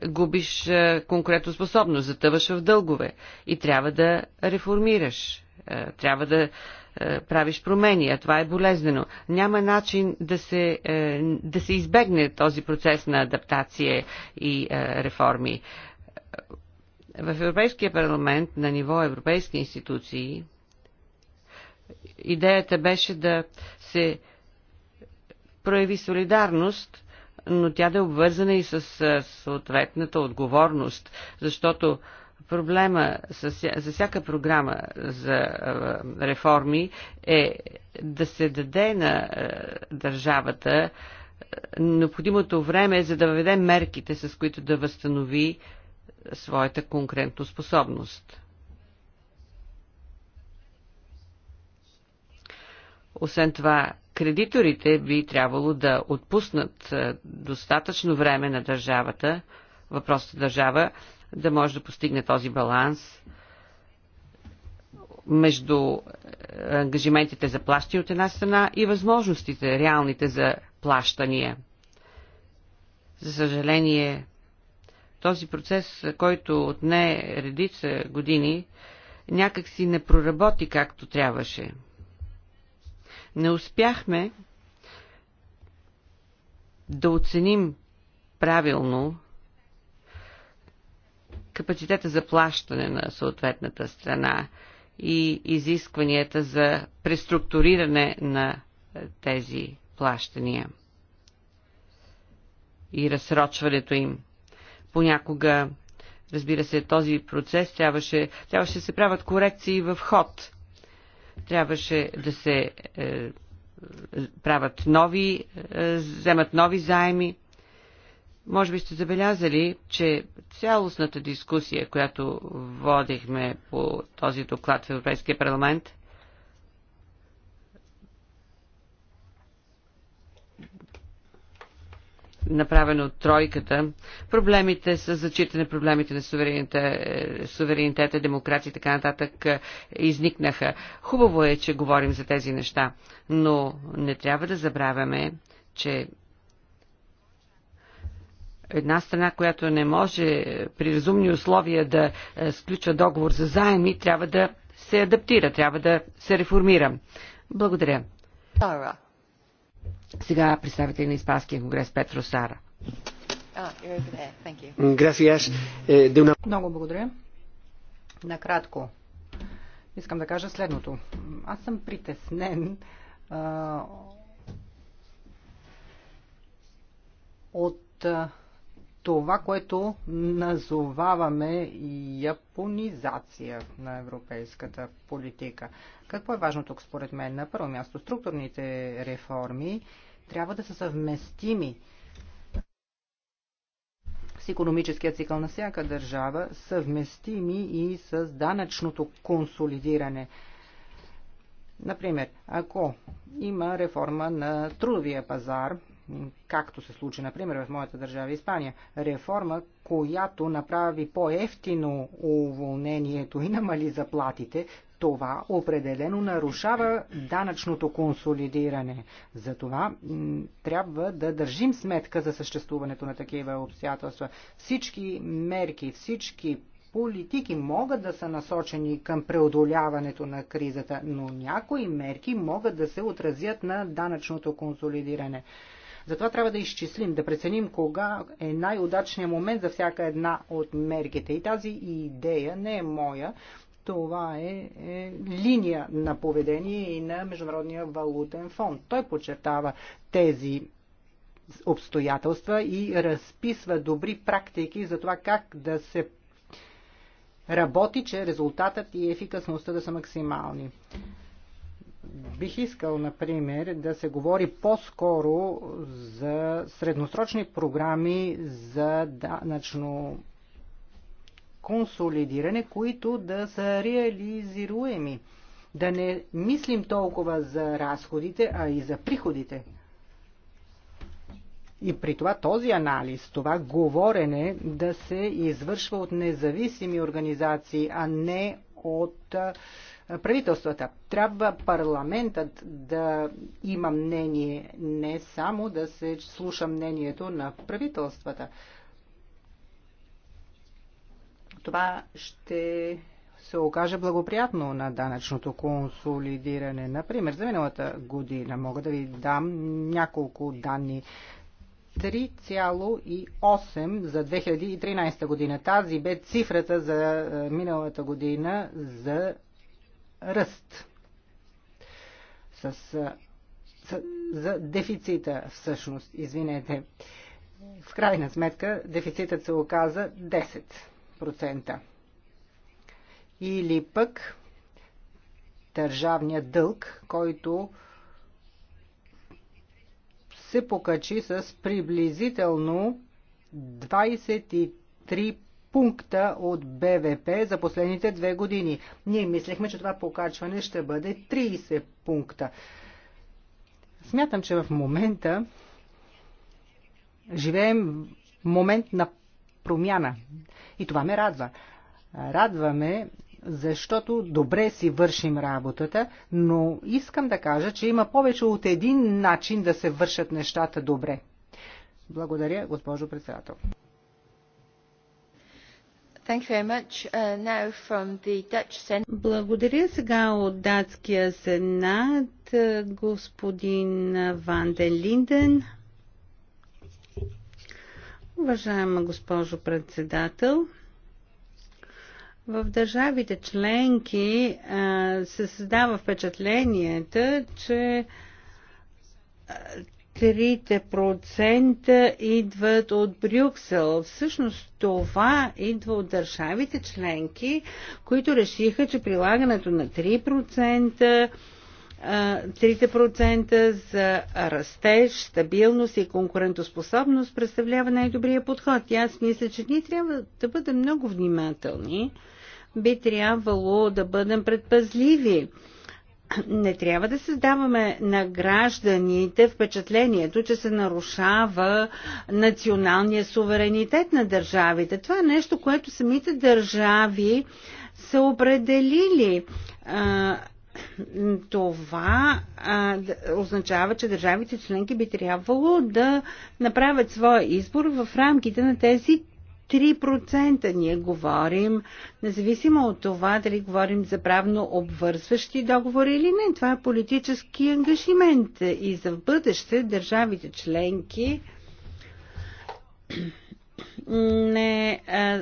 губиш е, конкурентоспособност, затъваш в дългове и трябва да реформираш, е, трябва да е, правиш промени, а това е болезнено. Няма начин да се, да се избегне този процес на адаптация и реформи в Европейския парламент на ниво европейски институции идеята беше да се прояви солидарност, но тя да е обвързана и с съответната отговорност, защото проблема за всяка програма за реформи е да се даде на държавата необходимото време, за да въведе мерките, с които да възстанови своята конкурентоспособност. Освен това, кредиторите би трябвало да отпуснат е, достатъчно време на държавата, въпросната държава, да може да постигне този баланс между е, ангажиментите за плащане от една страна и възможностите реалните за плащания. За съжаление, този процес, който отне редица години, някак си не проработи както трябваше. Не успяхме да оценим правилно капацитета за плащане на съответната страна и изискванията за преструктуриране на е, тези плащания и разсрочването им понякога, разбира се, този процес трябваше, трябваше да се правят корекции в ход. Трябваше да се е, правят нови, е, вземат нови заеми. Може би сте забелязали, че цялостната дискусия, която водихме по този доклад в Европейския парламент, направено от тройката, проблемите с зачитане проблемите на суверенитета, демокрация и така нататък е, изникнаха. Хубаво е, че говорим за тези неща, но не трябва да забравяме, че една страна, която не може при разумни условия да е, сключва договор за заеми, трябва да се адаптира, трябва да се реформира. Благодаря. Сега представители на Испанския конгрес Петро Сара. Е, е, Много благодаря. Накратко. Искам да кажа следното. Аз съм притеснен а, от а, това, което назоваваме японизация на европейската политика. Какво е важно тук според мен? На първо място структурните реформи трябва да са съвместими с економическия цикъл на всяка държава, съвместими и с данъчното консолидиране. Например, ако има реформа на трудовия пазар, както се случи, например, в моята държава Испания, реформа, която направи по-ефтино уволнението и намали заплатите, това определено нарушава данъчното консолидиране. Затова трябва да държим сметка за съществуването на такива обстоятелства. Всички мерки, всички политики могат да са насочени към преодоляването на кризата, но някои мерки могат да се отразят на данъчното консолидиране. Затова трябва да изчислим, да преценим кога е най-удачният момент за всяка една от мерките. И тази идея не е моя, това е, е линия на поведение и на Международния валутен фонд. Той подчертава тези обстоятелства и разписва добри практики за това как да се работи, че резултатът и ефикасността да са максимални. Бих искал, например, да се говори по-скоро за средносрочни програми за данъчно консолидиране, които да са реализируеми. Да не мислим толкова за разходите, а и за приходите. И при това този анализ, това говорене да се извършва от независими организации, а не от правителствата. Трябва парламентът да има мнение, не само да се слуша мнението на правителствата. Това ще се окаже благоприятно на данъчното консолидиране. Например, за миналата година мога да ви дам няколко данни. 3,8 за 2013 година. Тази бе цифрата за е, миналата година за ръст. С, е, с, за дефицита всъщност, извинете. В крайна сметка дефицитът се оказа 10. 1,5%. Или пък държавния дълг, който се покачи с приблизително 23 пункта от БВП за последните две години. Ние мислехме, че това покачване ще бъде 30 пункта. Смятам, че в момента живеем момент на промяна. И това ме радва. Радваме, защото добре си вършим работата, но искам да кажа, че има повече от един начин да се вършат нещата добре. Благодаря, госпожо председател. Uh, Благодаря сега от датския сенат господин Ван Линден. Уважаема госпожо председател, в държавите членки а, се създава впечатлението, че 3% идват от Брюксел. Всъщност това идва от държавите членки, които решиха, че прилагането на 3% 3% за растеж, стабилност и конкурентоспособност представлява най-добрия подход. И аз мисля, че ние трябва да бъдем много внимателни. Би трябвало да бъдем предпазливи. Не трябва да създаваме на гражданите впечатлението, че се нарушава националния суверенитет на държавите. Това е нещо, което самите държави са определили това а, означава, че държавите членки би трябвало да направят своя избор в рамките на тези 3% ние говорим, независимо от това дали говорим за правно обвързващи договори или не. Това е политически ангажимент и за в бъдеще държавите членки не а,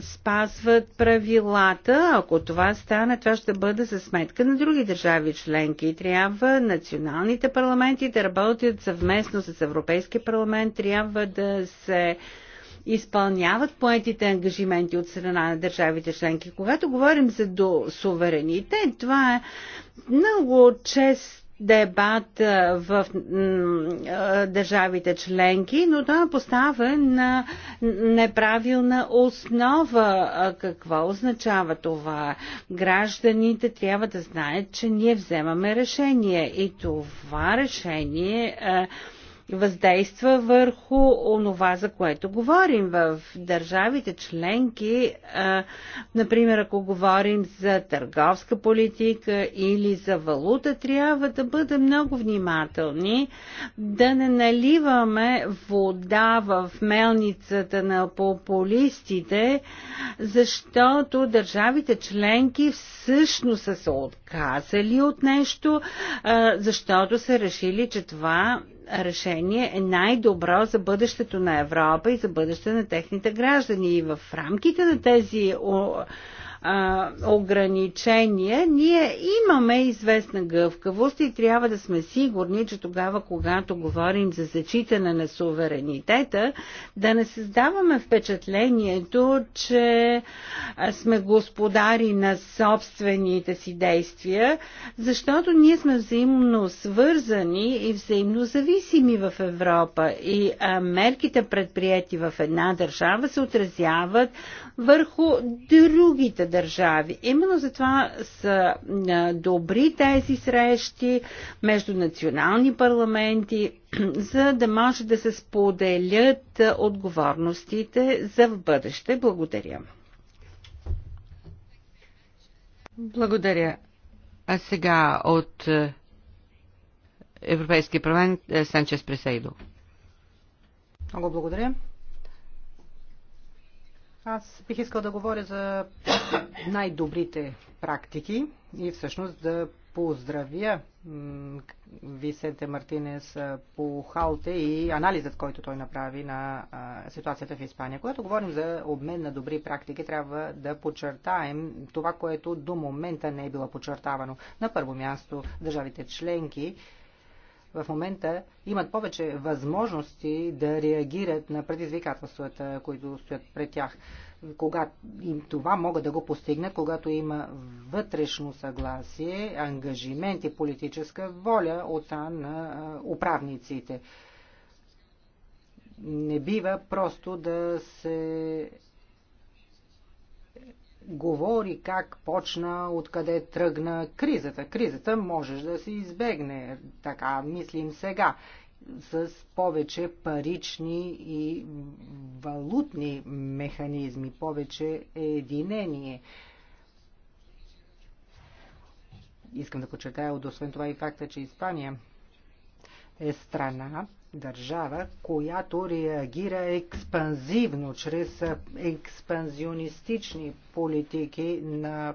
спазват правилата. Ако това стане, това ще бъде за сметка на други държави членки. Трябва националните парламенти да работят съвместно с Европейския парламент, трябва да се изпълняват поетите ангажименти от страна на държавите членки. Когато говорим за до суверенитет, това е много чест дебат в държавите членки, но той е поставен на неправилна основа. Какво означава това? Гражданите трябва да знаят, че ние вземаме решение и това решение е въздейства върху онова, за което говорим в държавите членки. Например, ако говорим за търговска политика или за валута, трябва да бъдем много внимателни, да не наливаме вода в мелницата на популистите, защото държавите членки всъщност са се отказали от нещо, защото са решили, че това решение е най-добро за бъдещето на Европа и за бъдеще на техните граждани. И в рамките на тези а, ограничения, ние имаме известна гъвкавост и трябва да сме сигурни, че тогава, когато говорим за зачитане на суверенитета, да не създаваме впечатлението, че сме господари на собствените си действия, защото ние сме взаимно свързани и взаимно зависими в Европа. И а, мерките предприяти в една държава се отразяват върху другите държави държави. Именно затова са добри тези срещи между национални парламенти, за да може да се споделят отговорностите за в бъдеще. Благодаря. Благодаря. А сега от Европейския парламент Санчес Пресейдо. Много благодаря. Аз бих искал да говоря за най-добрите практики и всъщност да поздравя Висенте Мартинес по халте и анализът, който той направи на ситуацията в Испания. Когато говорим за обмен на добри практики, трябва да подчертаем това, което до момента не е било подчертавано. На първо място държавите членки в момента имат повече възможности да реагират на предизвикателствата, които стоят пред тях. Когато им това могат да го постигнат, когато има вътрешно съгласие, ангажимент и политическа воля от страна на управниците. Не бива просто да се говори как почна, откъде тръгна кризата. Кризата можеш да се избегне, така мислим сега, с повече парични и валутни механизми, повече единение. Искам да подчертая, освен това и факта, че Испания е страна, държава, която реагира експанзивно чрез експанзионистични политики на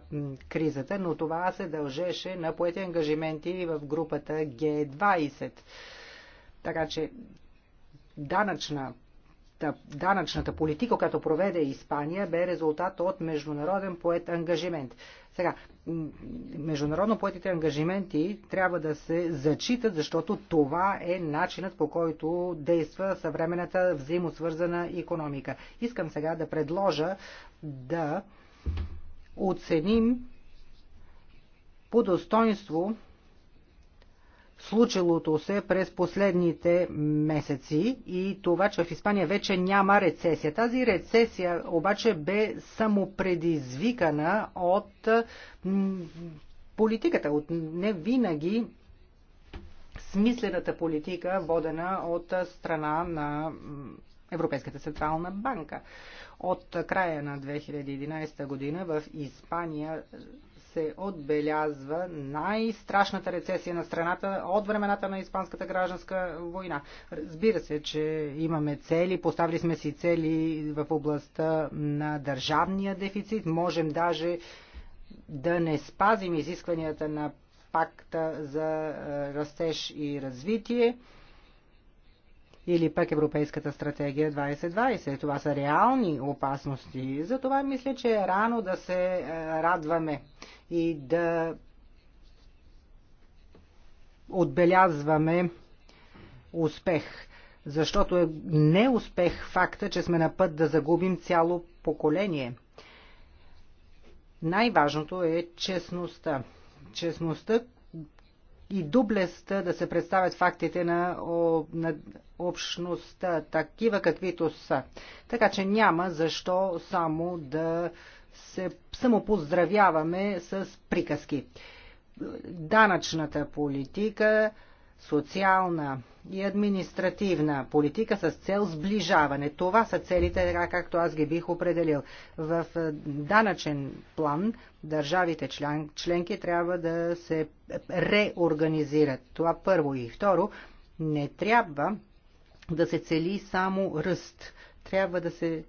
кризата, но това се дължеше на поети ангажименти в групата Г20. Така че данъчна данъчната политика, която проведе Испания, бе резултат от международен поет ангажимент. Сега, международно поетите ангажименти трябва да се зачитат, защото това е начинът по който действа съвременната взаимосвързана економика. Искам сега да предложа да оценим по достоинство случилото се през последните месеци и това, че в Испания вече няма рецесия. Тази рецесия обаче бе само предизвикана от политиката, от не винаги смислената политика, водена от страна на Европейската централна банка. От края на 2011 година в Испания се отбелязва най-страшната рецесия на страната от времената на Испанската гражданска война. Разбира се, че имаме цели, поставили сме си цели в областта на държавния дефицит. Можем даже да не спазим изискванията на пакта за е, растеж и развитие или пък Европейската стратегия 2020. Това са реални опасности. Затова мисля, че е рано да се е, радваме и да отбелязваме успех. Защото е неуспех факта, че сме на път да загубим цяло поколение. Най-важното е честността. Честността и дублеста да се представят фактите на, на общността, такива каквито са. Така че няма защо само да се самопоздравяваме с приказки. Данъчната политика, социална и административна политика с цел сближаване. Това са целите, така както аз ги бих определил. В е, данъчен план държавите член, членки трябва да се реорганизират. Това първо и второ. Не трябва да се цели само ръст. Трябва да се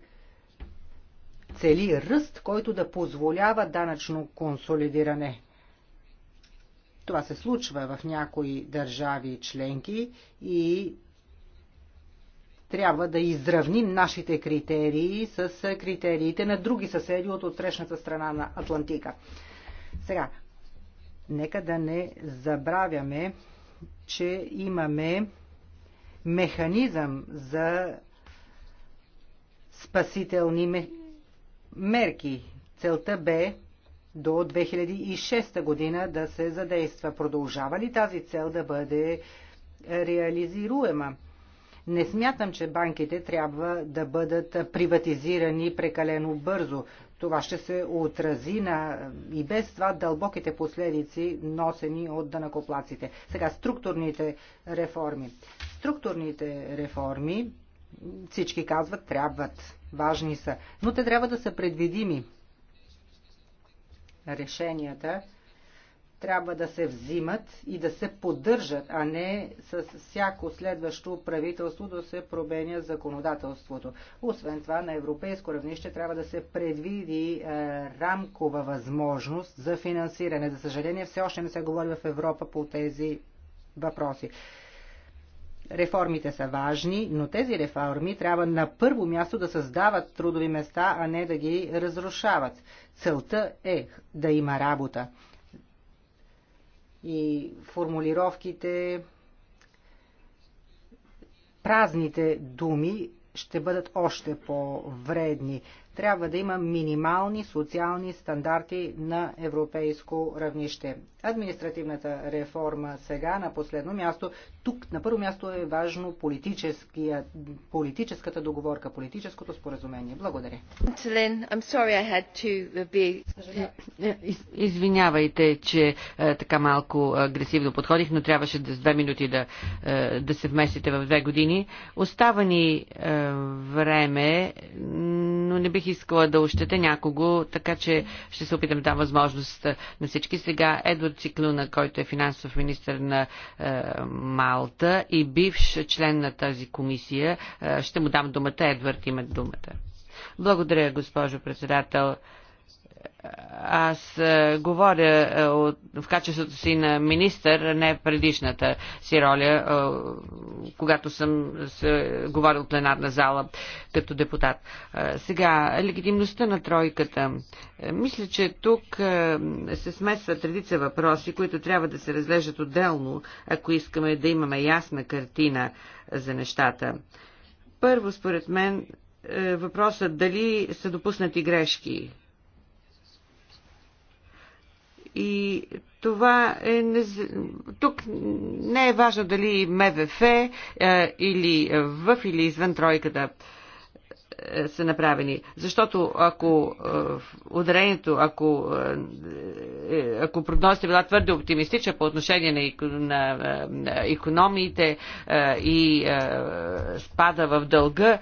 цели ръст, който да позволява данъчно консолидиране. Това се случва в някои държави членки и трябва да изравним нашите критерии с критериите на други съседи от отсрещната страна на Атлантика. Сега, нека да не забравяме, че имаме механизъм за спасителни механизми мерки. Целта бе до 2006 година да се задейства. Продължава ли тази цел да бъде реализируема? Не смятам, че банките трябва да бъдат приватизирани прекалено бързо. Това ще се отрази на и без това дълбоките последици, носени от данакоплаците. Сега структурните реформи. Структурните реформи, всички казват, трябват важни са. Но те трябва да са предвидими. Решенията трябва да се взимат и да се поддържат, а не с всяко следващо правителство да се променя законодателството. Освен това, на европейско равнище трябва да се предвиди е, рамкова възможност за финансиране. За съжаление, все още не се говори в Европа по тези въпроси. Реформите са важни, но тези реформи трябва на първо място да създават трудови места, а не да ги разрушават. Целта е да има работа. И формулировките, празните думи ще бъдат още по-вредни трябва да има минимални социални стандарти на европейско равнище. Административната реформа сега на последно място. Тук на първо място е важно политическата договорка, политическото споразумение. Благодаря. Е, е, извинявайте, че е, така малко агресивно подходих, но трябваше да с две минути да, да се вместите в две години. Остава ни време, но не бих бих искала да ощете някого, така че ще се опитам да възможност на всички. Сега Едвард Циклуна, който е финансов министр на е, Малта и бивш член на тази комисия, е, ще му дам думата. Едвард има думата. Благодаря, госпожо председател аз е, говоря е, от, в качеството си на министър, не предишната си роля, е, когато съм се говорил в пленарна зала като депутат. Сега, легитимността на тройката. Мисля, че тук се смесват редица въпроси, които трябва да се разглеждат отделно, ако искаме да имаме ясна картина за нещата. Първо, според мен, въпросът дали са допуснати грешки и това е... Тук не е важно дали МВФ е, или в или извън тройката е, са направени. Защото ако е, ударението, ако, е, ако прогнозите била твърде оптимистична по отношение на, на, на економиите и спада в дълга,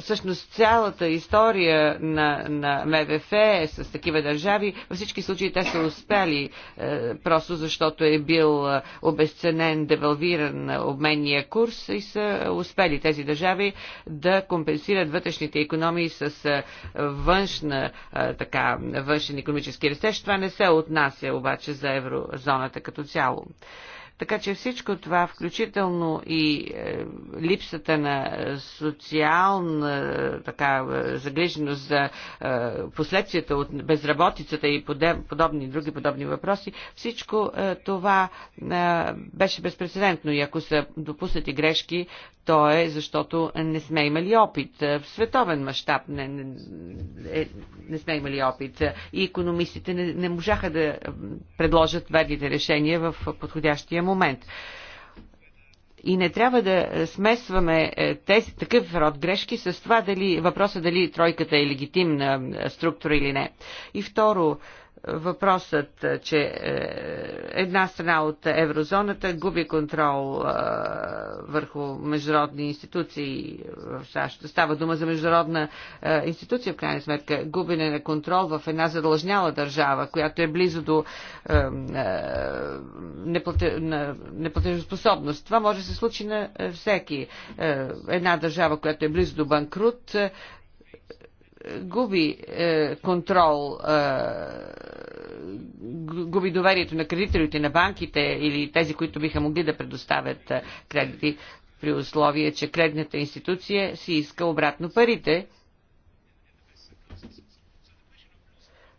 всъщност цялата история на, на МВФ е с такива държави, във всички случаи те са успели е, просто защото е бил е, обесценен, девалвиран обменния курс и са успели тези държави да компенсират вътрешните економии с е, външна, е, така, външен економически растеж. Това не се отнася обаче за еврозоната като цяло. Така че всичко това, включително и е, липсата на социална е, така, е, загриженост за е, последствията от безработицата и подобни други подобни въпроси, всичко е, това е, беше безпредседентно и ако са допуснати грешки, то е защото не сме имали опит. Е, в световен мащаб не, не, не сме имали опит и економистите не, не можаха да предложат верните решения в подходящия момент. И не трябва да смесваме е, тези, такъв род грешки с това дали, въпроса дали тройката е легитимна е, структура или не. И второ, въпросът, е, че е, една страна от еврозоната губи контрол е, върху международни институции в САЩ. Става дума за международна институция, в крайна сметка. Губене на контрол в една задължняла държава, която е близо до неплатежоспособност. Това може да се случи на всеки. Една държава, която е близо до банкрут, губи е, контрол, е, губи доверието на кредиторите, на банките или тези, които биха могли да предоставят е, кредити, при условие, че кредитната институция си иска обратно парите.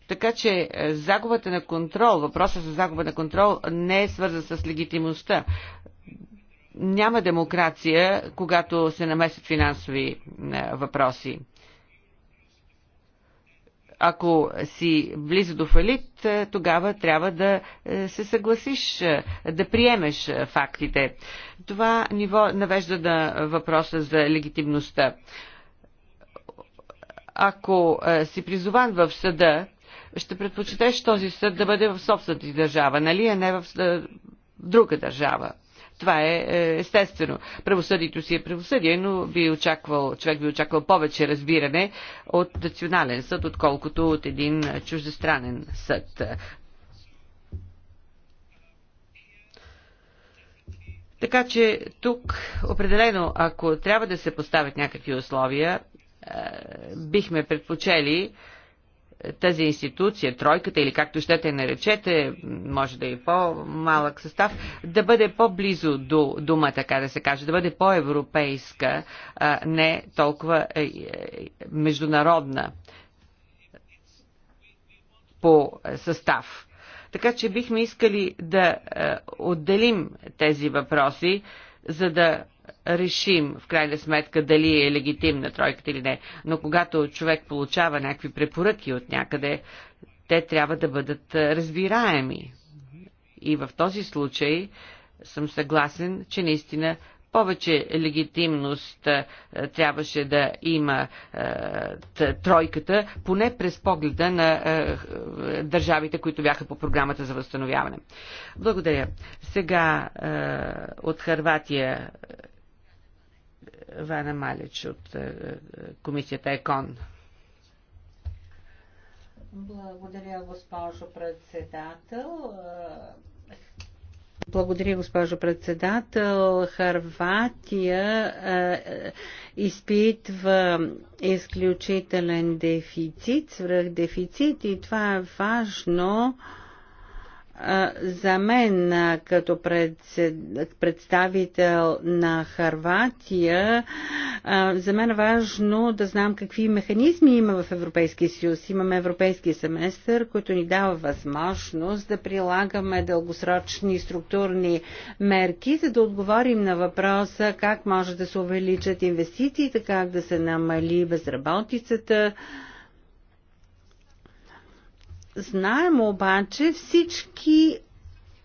Така че е, загубата на контрол, въпросът за загуба на контрол не е свързан с легитимността. Няма демокрация, когато се намесят финансови е, въпроси ако си близо до фалит, е, тогава трябва да е, се съгласиш, е, да приемеш фактите. Това ниво навежда на въпроса за легитимността. Ако си призован в съда, ще предпочетеш този съд да бъде в собствената ти държава, нали, а не в друга държава. Това е, е естествено. Правосъдието си е правосъдие, но би очаквал, човек би очаквал повече разбиране от национален съд, отколкото от един чуждестранен съд. Така че тук определено, ако трябва да се поставят някакви условия, е, бихме предпочели тази институция, тройката или както щете наречете, може да е по-малък състав, да бъде по-близо до дума, така да се каже, да бъде по-европейска, не толкова е, е, международна по състав. Така че бихме искали да е, отделим тези въпроси, за да решим в крайна сметка дали е легитимна тройката или не. Но когато човек получава някакви препоръки от някъде, те трябва да бъдат разбираеми. И в този случай съм съгласен, че наистина повече легитимност трябваше да има тройката, поне през погледа на държавите, които бяха по програмата за възстановяване. Благодаря. Сега от Харватия Вана Малич от е, е, комисията ЕКОН. Благодаря, госпожо председател. Е, благодаря, госпожо председател. Харватия е, изпитва изключителен дефицит, свръх дефицит и това е важно е, за мен като представител на Харватия, за мен е важно да знам какви механизми има в Европейския съюз. Имаме Европейски семестър, който ни дава възможност да прилагаме дългосрочни структурни мерки, за да отговорим на въпроса как може да се увеличат инвестициите, как да се намали безработицата, знаем обаче всички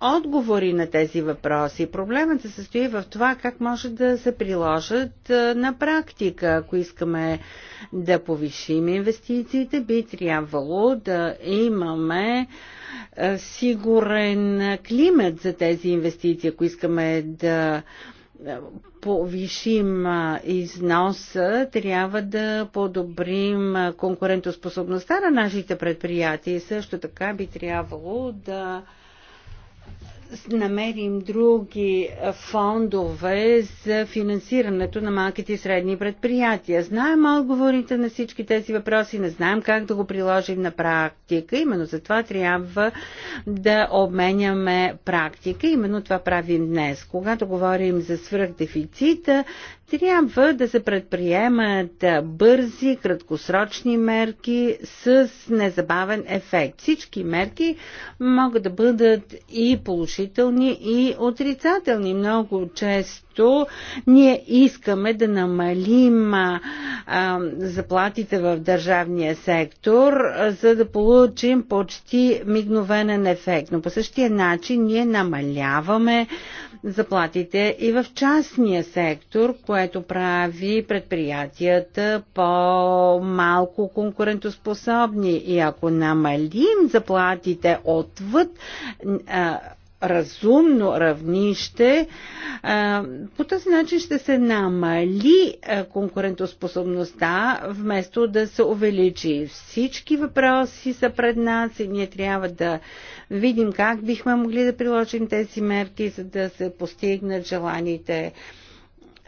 отговори на тези въпроси. Проблемът се състои в това как може да се приложат на практика. Ако искаме да повишим инвестициите, би трябвало да имаме сигурен климат за тези инвестиции. Ако искаме да повишим износа, трябва да подобрим конкурентоспособността на нашите предприятия и също така би трябвало да намерим други фондове за финансирането на малките и средни предприятия. Знаем отговорите на всички тези въпроси, не знаем как да го приложим на практика. Именно за това трябва да обменяме практика. Именно това правим днес. Когато говорим за свръхдефицита, трябва да се предприемат бързи, краткосрочни мерки с незабавен ефект. Всички мерки могат да бъдат и положителни, и отрицателни. Много често ние искаме да намалим а, заплатите в държавния сектор, за да получим почти мигновенен ефект. Но по същия начин ние намаляваме заплатите и в частния сектор, което прави предприятията по-малко конкурентоспособни. И ако намалим заплатите отвъд а, разумно равнище. По този начин ще се намали конкурентоспособността, вместо да се увеличи. Всички въпроси са пред нас и ние трябва да видим как бихме могли да приложим тези мерки, за да се постигнат желаните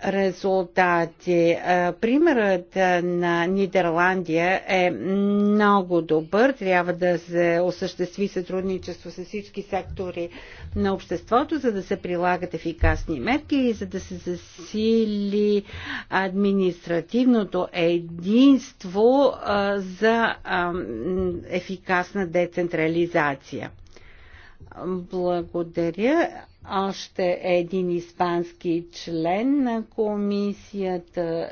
резултати. Е, примерът е, на Нидерландия е много добър. Трябва да се осъществи сътрудничество с всички сектори на обществото, за да се прилагат ефикасни мерки и за да се засили административното единство е, за ефикасна децентрализация. Благодаря още един испански член на комисията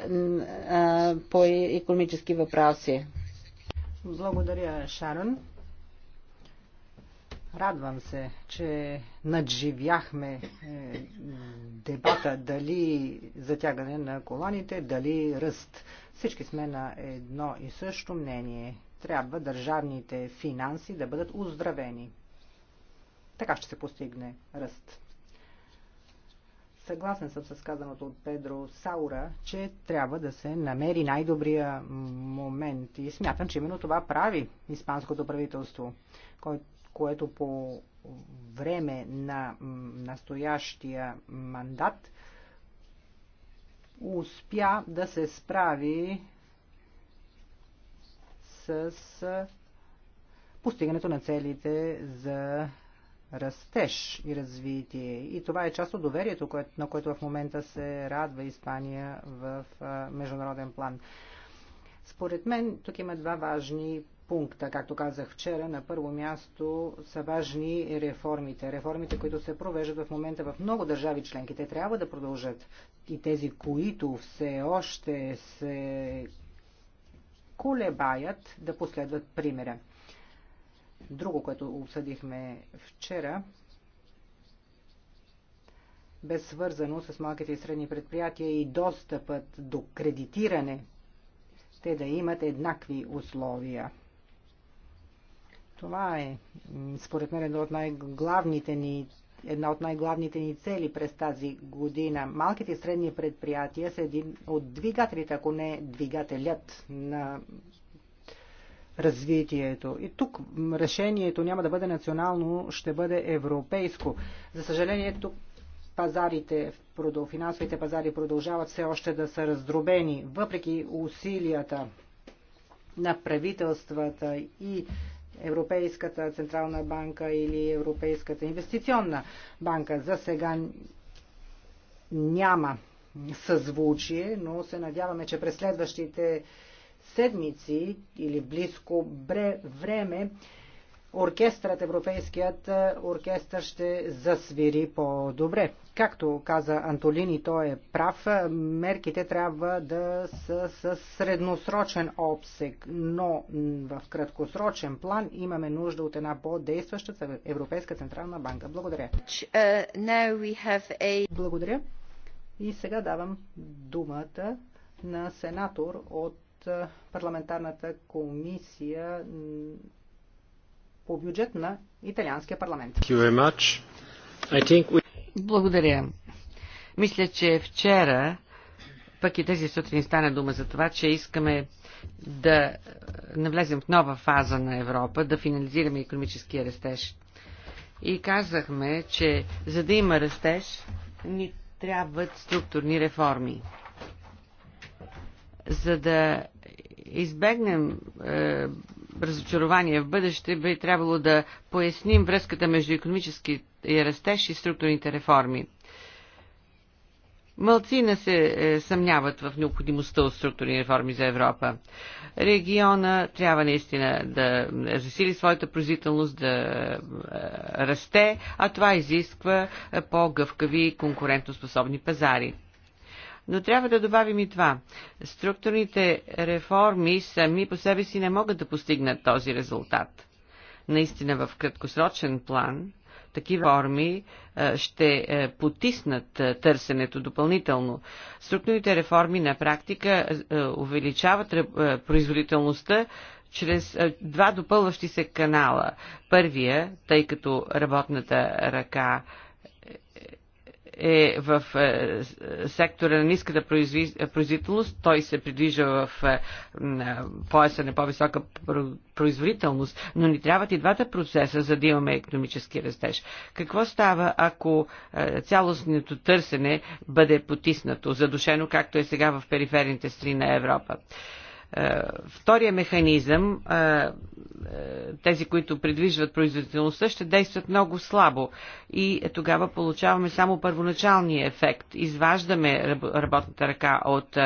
а, по економически въпроси. Благодаря, Шарон. Радвам се, че надживяхме е, дебата дали затягане на колоните, дали ръст. Всички сме на едно и също мнение. Трябва държавните финанси да бъдат оздравени. Така ще се постигне ръст. Съгласен съм с казаното от Педро Саура, че трябва да се намери най-добрия момент. И смятам, че именно това прави испанското правителство, което по време на настоящия мандат успя да се справи с постигането на целите за растеж и развитие. И това е част от доверието, на което в момента се радва Испания в международен план. Според мен тук има два важни пункта, както казах вчера. На първо място са важни реформите. Реформите, които се провеждат в момента в много държави членки. Те трябва да продължат. И тези, които все още се колебаят, да последват примера. Друго, което обсъдихме вчера, бе свързано с малките и средни предприятия и достъпът до кредитиране. Те да имат еднакви условия. Това е, според мен, едно от най-главните ни една от най-главните ни цели през тази година. Малките и средни предприятия са един от двигателите, ако не двигателят на развитието. И тук решението няма да бъде национално, ще бъде европейско. За съжаление, тук пазарите, финансовите пазари продължават все още да са раздробени, въпреки усилията на правителствата и Европейската Централна банка или Европейската инвестиционна банка. За сега няма съзвучие, но се надяваме, че през следващите седмици или близко бре, време оркестрът, европейският оркестър ще засвири по-добре. Както каза Антолини, той е прав, мерките трябва да са с средносрочен обсек, но в краткосрочен план имаме нужда от една по-действаща Европейска Централна банка. Благодаря. Uh, a... Благодаря. И сега давам думата на сенатор от парламентарната комисия по бюджет на Италианския парламент. Благодаря. Мисля, че вчера, пък и тези сутрин стана дума за това, че искаме да навлезем в нова фаза на Европа, да финализираме економическия растеж. И казахме, че за да има растеж, ни трябват структурни реформи. За да избегнем е, разочарование в бъдеще, би трябвало да поясним връзката между економически растеж и структурните реформи. Малцина се е, съмняват в необходимостта от структурни реформи за Европа. Региона трябва наистина да засили своята производителност, да е, расте, а това изисква е, по-гъвкави конкурентоспособни пазари. Но трябва да добавим и това. Структурните реформи сами по себе си не могат да постигнат този резултат. Наистина в краткосрочен план такива реформи е, ще е, потиснат е, търсенето допълнително. Структурните реформи на практика увеличават производителността чрез два допълващи се канала. Първия, тъй като работната ръка е в е, е, сектора на ниската производителност, той се придвижа в е, пояса на по-висока производителност, но ни трябват и двата процеса, за да имаме економически растеж. Какво става, ако цялостното търсене бъде потиснато, задушено, както е сега в периферните страни на Европа? Е, втория механизъм, е, е, тези, които придвижват производителността, ще действат много слабо и тогава получаваме само първоначалния ефект. Изваждаме работната ръка от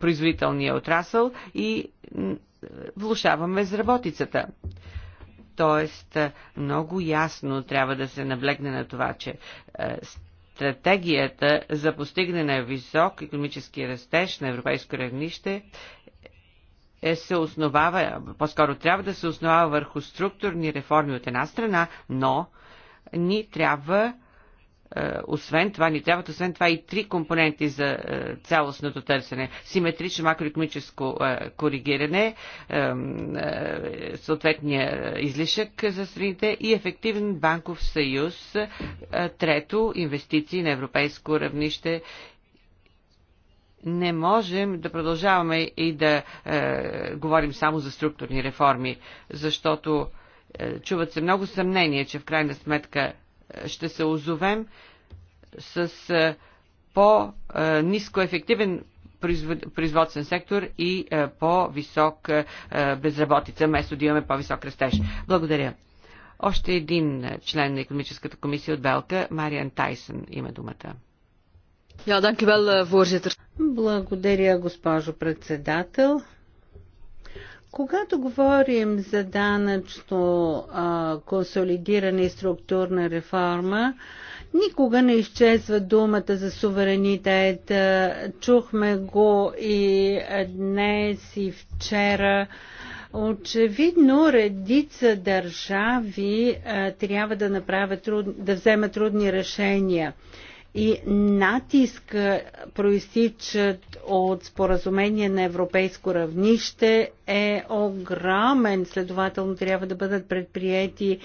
производителния отрасъл и влушаваме безработицата. Тоест, много ясно трябва да се наблегне на това, че стратегията за постигане на висок економически растеж на европейско равнище е, се основава, по-скоро трябва да се основава върху структурни реформи от една страна, но ни трябва е, освен това, ни трябват освен това и три компоненти за е, цялостното търсене. Симетрично макроекономическо е, коригиране, съответния излишък за страните и ефективен банков съюз. Трето, инвестиции на европейско равнище не можем да продължаваме и да е, говорим само за структурни реформи, защото е, чуват се много съмнения, че в крайна сметка ще се озовем с по-низко ефективен производствен сектор и по-висок безработица, вместо да имаме по-висок растеж. Благодаря. Още един член на економическата комисия от Белка, Мариан Тайсън, има думата. Eh, Благодаря, госпожо председател. Когато говорим за данъчно а, консолидиране и структурна реформа, никога не изчезва думата за суверенитет. Чухме го и днес, и вчера. Очевидно, редица държави а, трябва да направят труд, да вземат трудни решения и натиск проистичат от споразумение на европейско равнище е огромен. Следователно трябва да бъдат предприяти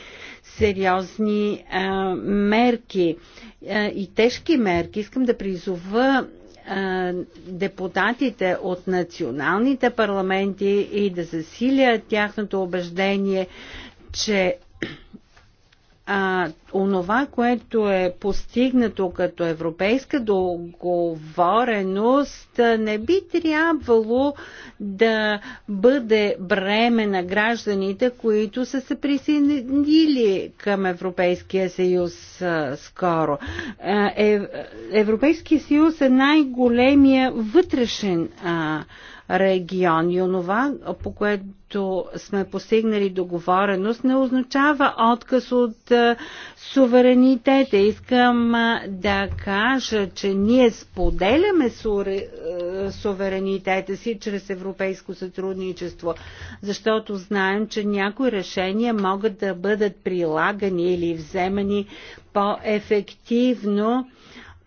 сериозни а, мерки а, и тежки мерки. Искам да призова депутатите от националните парламенти и да засилят тяхното убеждение, че а, онова, което е постигнато като европейска договореност, не би трябвало да бъде бреме на гражданите, които са се присъединили към Европейския съюз а, скоро. А, е, Европейския съюз е най-големия вътрешен а, регион. И онова, по което сме постигнали договореност, не означава отказ от суверенитета. Искам да кажа, че ние споделяме суверенитета си чрез европейско сътрудничество, защото знаем, че някои решения могат да бъдат прилагани или вземани по-ефективно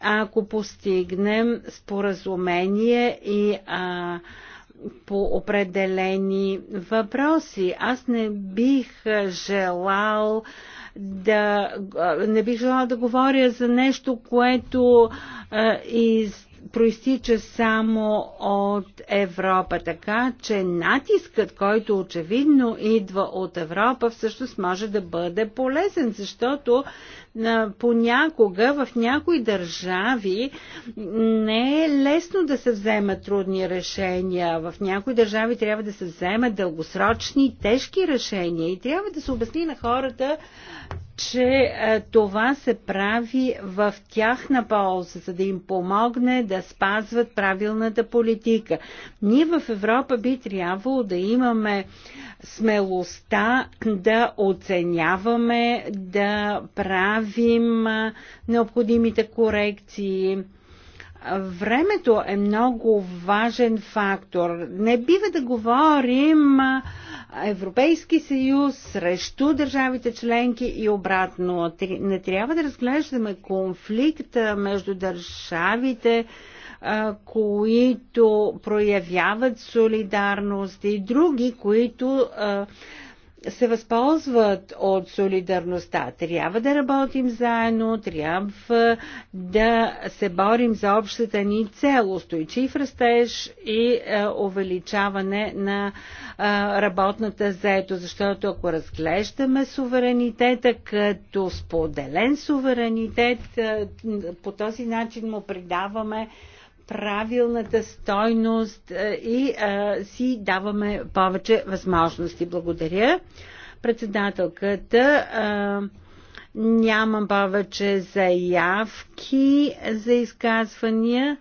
ако постигнем споразумение и а, по определени въпроси. Аз не бих желал да не бих желал да говоря за нещо, което е, из проистича само от Европа, така че натискът, който очевидно идва от Европа, всъщност може да бъде полезен, защото понякога в някои държави не е лесно да се вземат трудни решения. В някои държави трябва да се вземат дългосрочни, тежки решения и трябва да се обясни на хората, че е, това се прави в тяхна полза, за да им помогне да спазват правилната политика. Ние в Европа би трябвало да имаме смелостта да оценяваме, да правим е, необходимите корекции Времето е много важен фактор. Не бива да говорим Европейски съюз срещу държавите членки и обратно. Не трябва да разглеждаме конфликта между държавите, които проявяват солидарност и други, които се възползват от солидарността. Трябва да работим заедно, трябва да се борим за общата ни цел, устойчив растеж и е, увеличаване на е, работната заето, защото ако разглеждаме суверенитета като споделен суверенитет, е, по този начин му придаваме е, правилната стойност е, и а, е, си даваме повече възможности. Благодаря. Председателката. А, е, Нямам повече заявки за изказвания.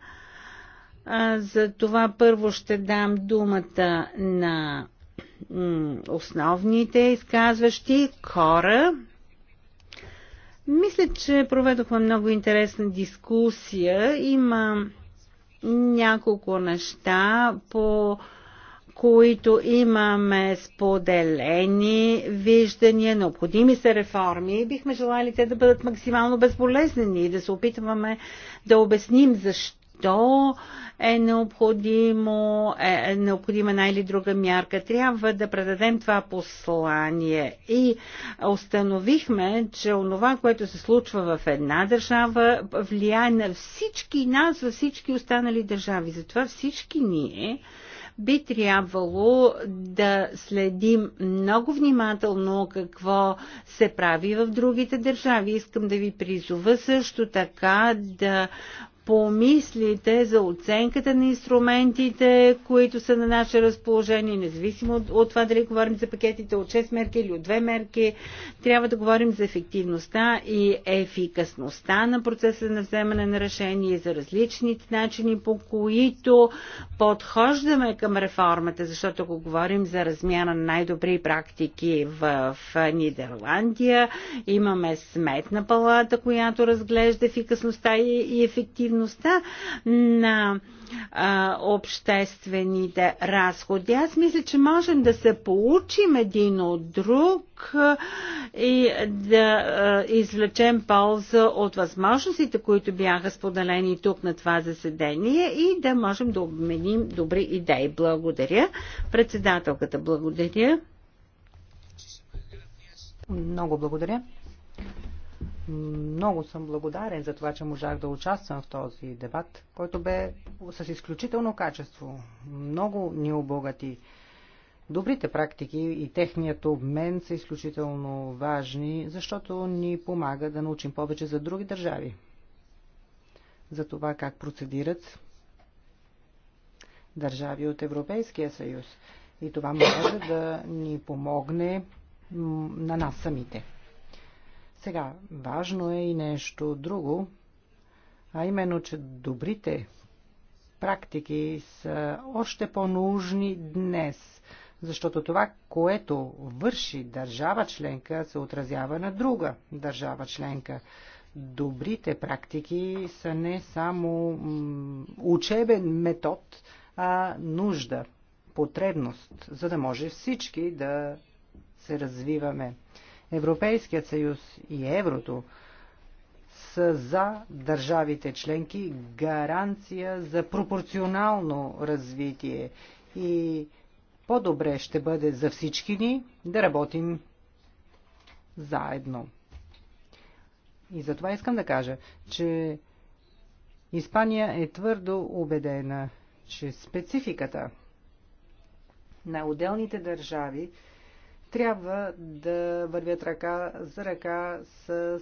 За това първо ще дам думата на основните изказващи хора. Мисля, че проведохме много интересна дискусия. Има няколко неща, по които имаме споделени виждания, необходими са реформи и бихме желали те да бъдат максимално безболезнени и да се опитваме да обясним защо то е необходимо, е, е необходима една или друга мярка. Трябва да предадем това послание. И установихме, че онова, което се случва в една държава, влияе на всички нас, във всички останали държави. Затова всички ние би трябвало да следим много внимателно какво се прави в другите държави. Искам да ви призова също така да помислите за оценката на инструментите, които са на наше разположение, независимо от, от това дали говорим за пакетите от 6 мерки или от 2 мерки, трябва да говорим за ефективността и ефикасността на процеса на вземане на решение, за различните начини, по които подхождаме към реформата, защото ако говорим за размяна на най-добри практики в, в Нидерландия, имаме сметна палата, която разглежда ефикасността и, и ефективността ефективността на а, обществените разходи. Аз мисля, че можем да се получим един от друг и да а, извлечем полза от възможностите, които бяха споделени тук на това заседание и да можем да обменим добри идеи. Благодаря. Председателката, благодаря. Много благодаря. Много съм благодарен за това, че можах да участвам в този дебат, който бе с изключително качество. Много ни обогати. Добрите практики и техният обмен са изключително важни, защото ни помага да научим повече за други държави. За това как процедират държави от Европейския съюз. И това може да ни помогне на нас самите. Сега, важно е и нещо друго, а именно, че добрите практики са още по-нужни днес, защото това, което върши държава членка, се отразява на друга държава членка. Добрите практики са не само учебен метод, а нужда, потребност, за да може всички да се развиваме. Европейският съюз и еврото са за държавите членки гаранция за пропорционално развитие и по-добре ще бъде за всички ни да работим заедно. И затова искам да кажа, че Испания е твърдо убедена, че спецификата на отделните държави трябва да вървят ръка за ръка с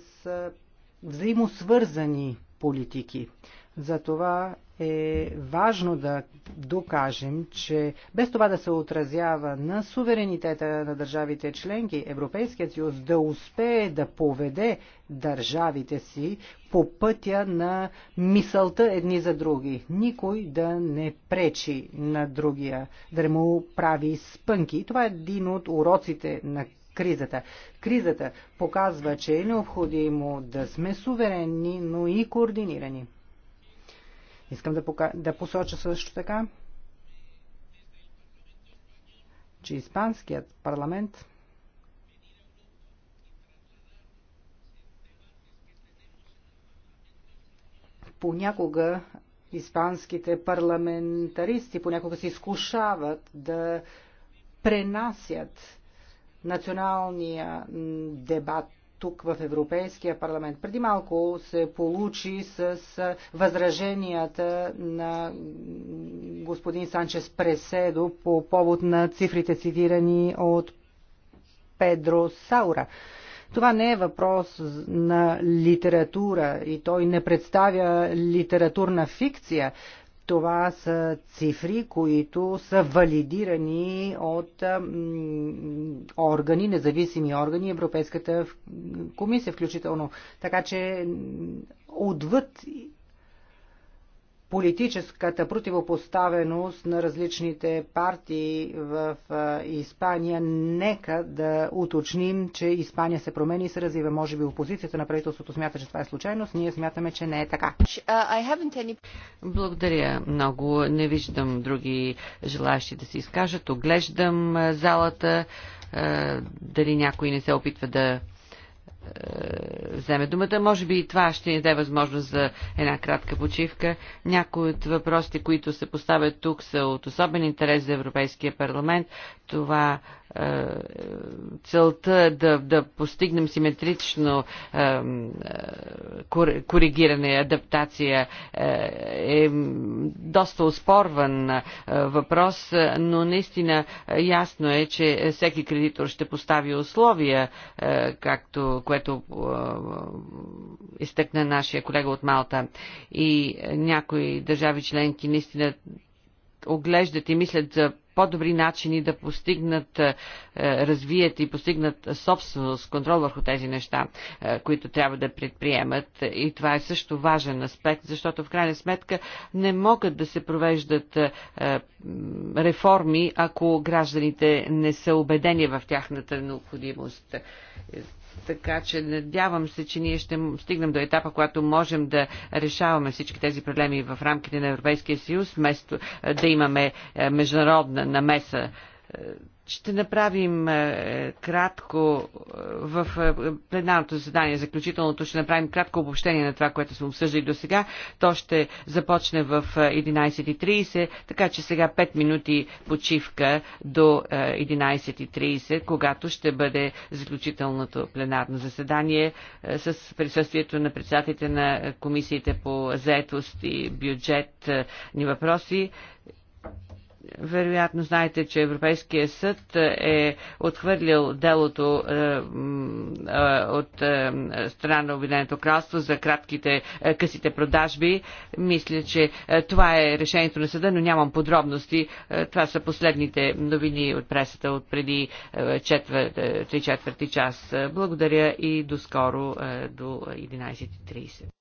взаимосвързани политики. Затова е важно да докажем, че без това да се отразява на суверенитета на държавите членки, Европейският съюз да успее да поведе държавите си по пътя на мисълта едни за други. Никой да не пречи на другия, да му прави спънки. Това е един от уроците на кризата. Кризата показва, че е необходимо да сме суверенни, но и координирани. Искам да, пока... да посоча също така, че Испанският парламент понякога испанските парламентаристи понякога се изкушават да пренасят националния дебат тук в Европейския парламент. Преди малко се получи с възраженията на господин Санчес Преседо по повод на цифрите цитирани от Педро Саура. Това не е въпрос на литература и той не представя литературна фикция. Това са цифри, които са валидирани от органи, независими органи, Европейската комисия включително. Така че отвъд политическата противопоставеност на различните партии в Испания. Нека да уточним, че Испания се промени и се развива. Може би опозицията на правителството смята, че това е случайност. Ние смятаме, че не е така. Uh, Благодаря много. Не виждам други желащи да се изкажат. Оглеждам залата. Дали някой не се опитва да вземе думата. Може би и това ще ни даде възможност за една кратка почивка. Някои от въпросите, които се поставят тук, са от особен интерес за Европейския парламент. Това е, целта е да, да постигнем симетрично е, коригиране, адаптация е доста успорван въпрос, но наистина ясно е, че всеки кредитор ще постави условия, както което изтъкна нашия колега от Малта и някои държави членки наистина оглеждат и мислят за по-добри начини да постигнат, е, развият и постигнат собственост, контрол върху тези неща, е, които трябва да предприемат. И това е също важен аспект, защото в крайна сметка не могат да се провеждат е, реформи, ако гражданите не са убедени в тяхната необходимост. Така че надявам се, че ние ще стигнем до етапа, когато можем да решаваме всички тези проблеми в рамките на Европейския съюз, вместо да имаме международна намеса ще направим е, кратко е, в е, пленарното заседание, заключителното, ще направим кратко обобщение на това, което сме обсъждали до сега. То ще започне в 11.30, така че сега 5 минути почивка до 11.30, когато ще бъде заключителното пленарно заседание с присъствието на председателите на комисиите по заетост и бюджетни въпроси вероятно знаете, че Европейския съд е отхвърлил делото е, е, от е, страна на Обединеното кралство за кратките късите продажби. Мисля, че това е решението на съда, но нямам подробности. това са последните новини от пресата от преди 3 четвърти час. Благодаря и до скоро, до 11.30.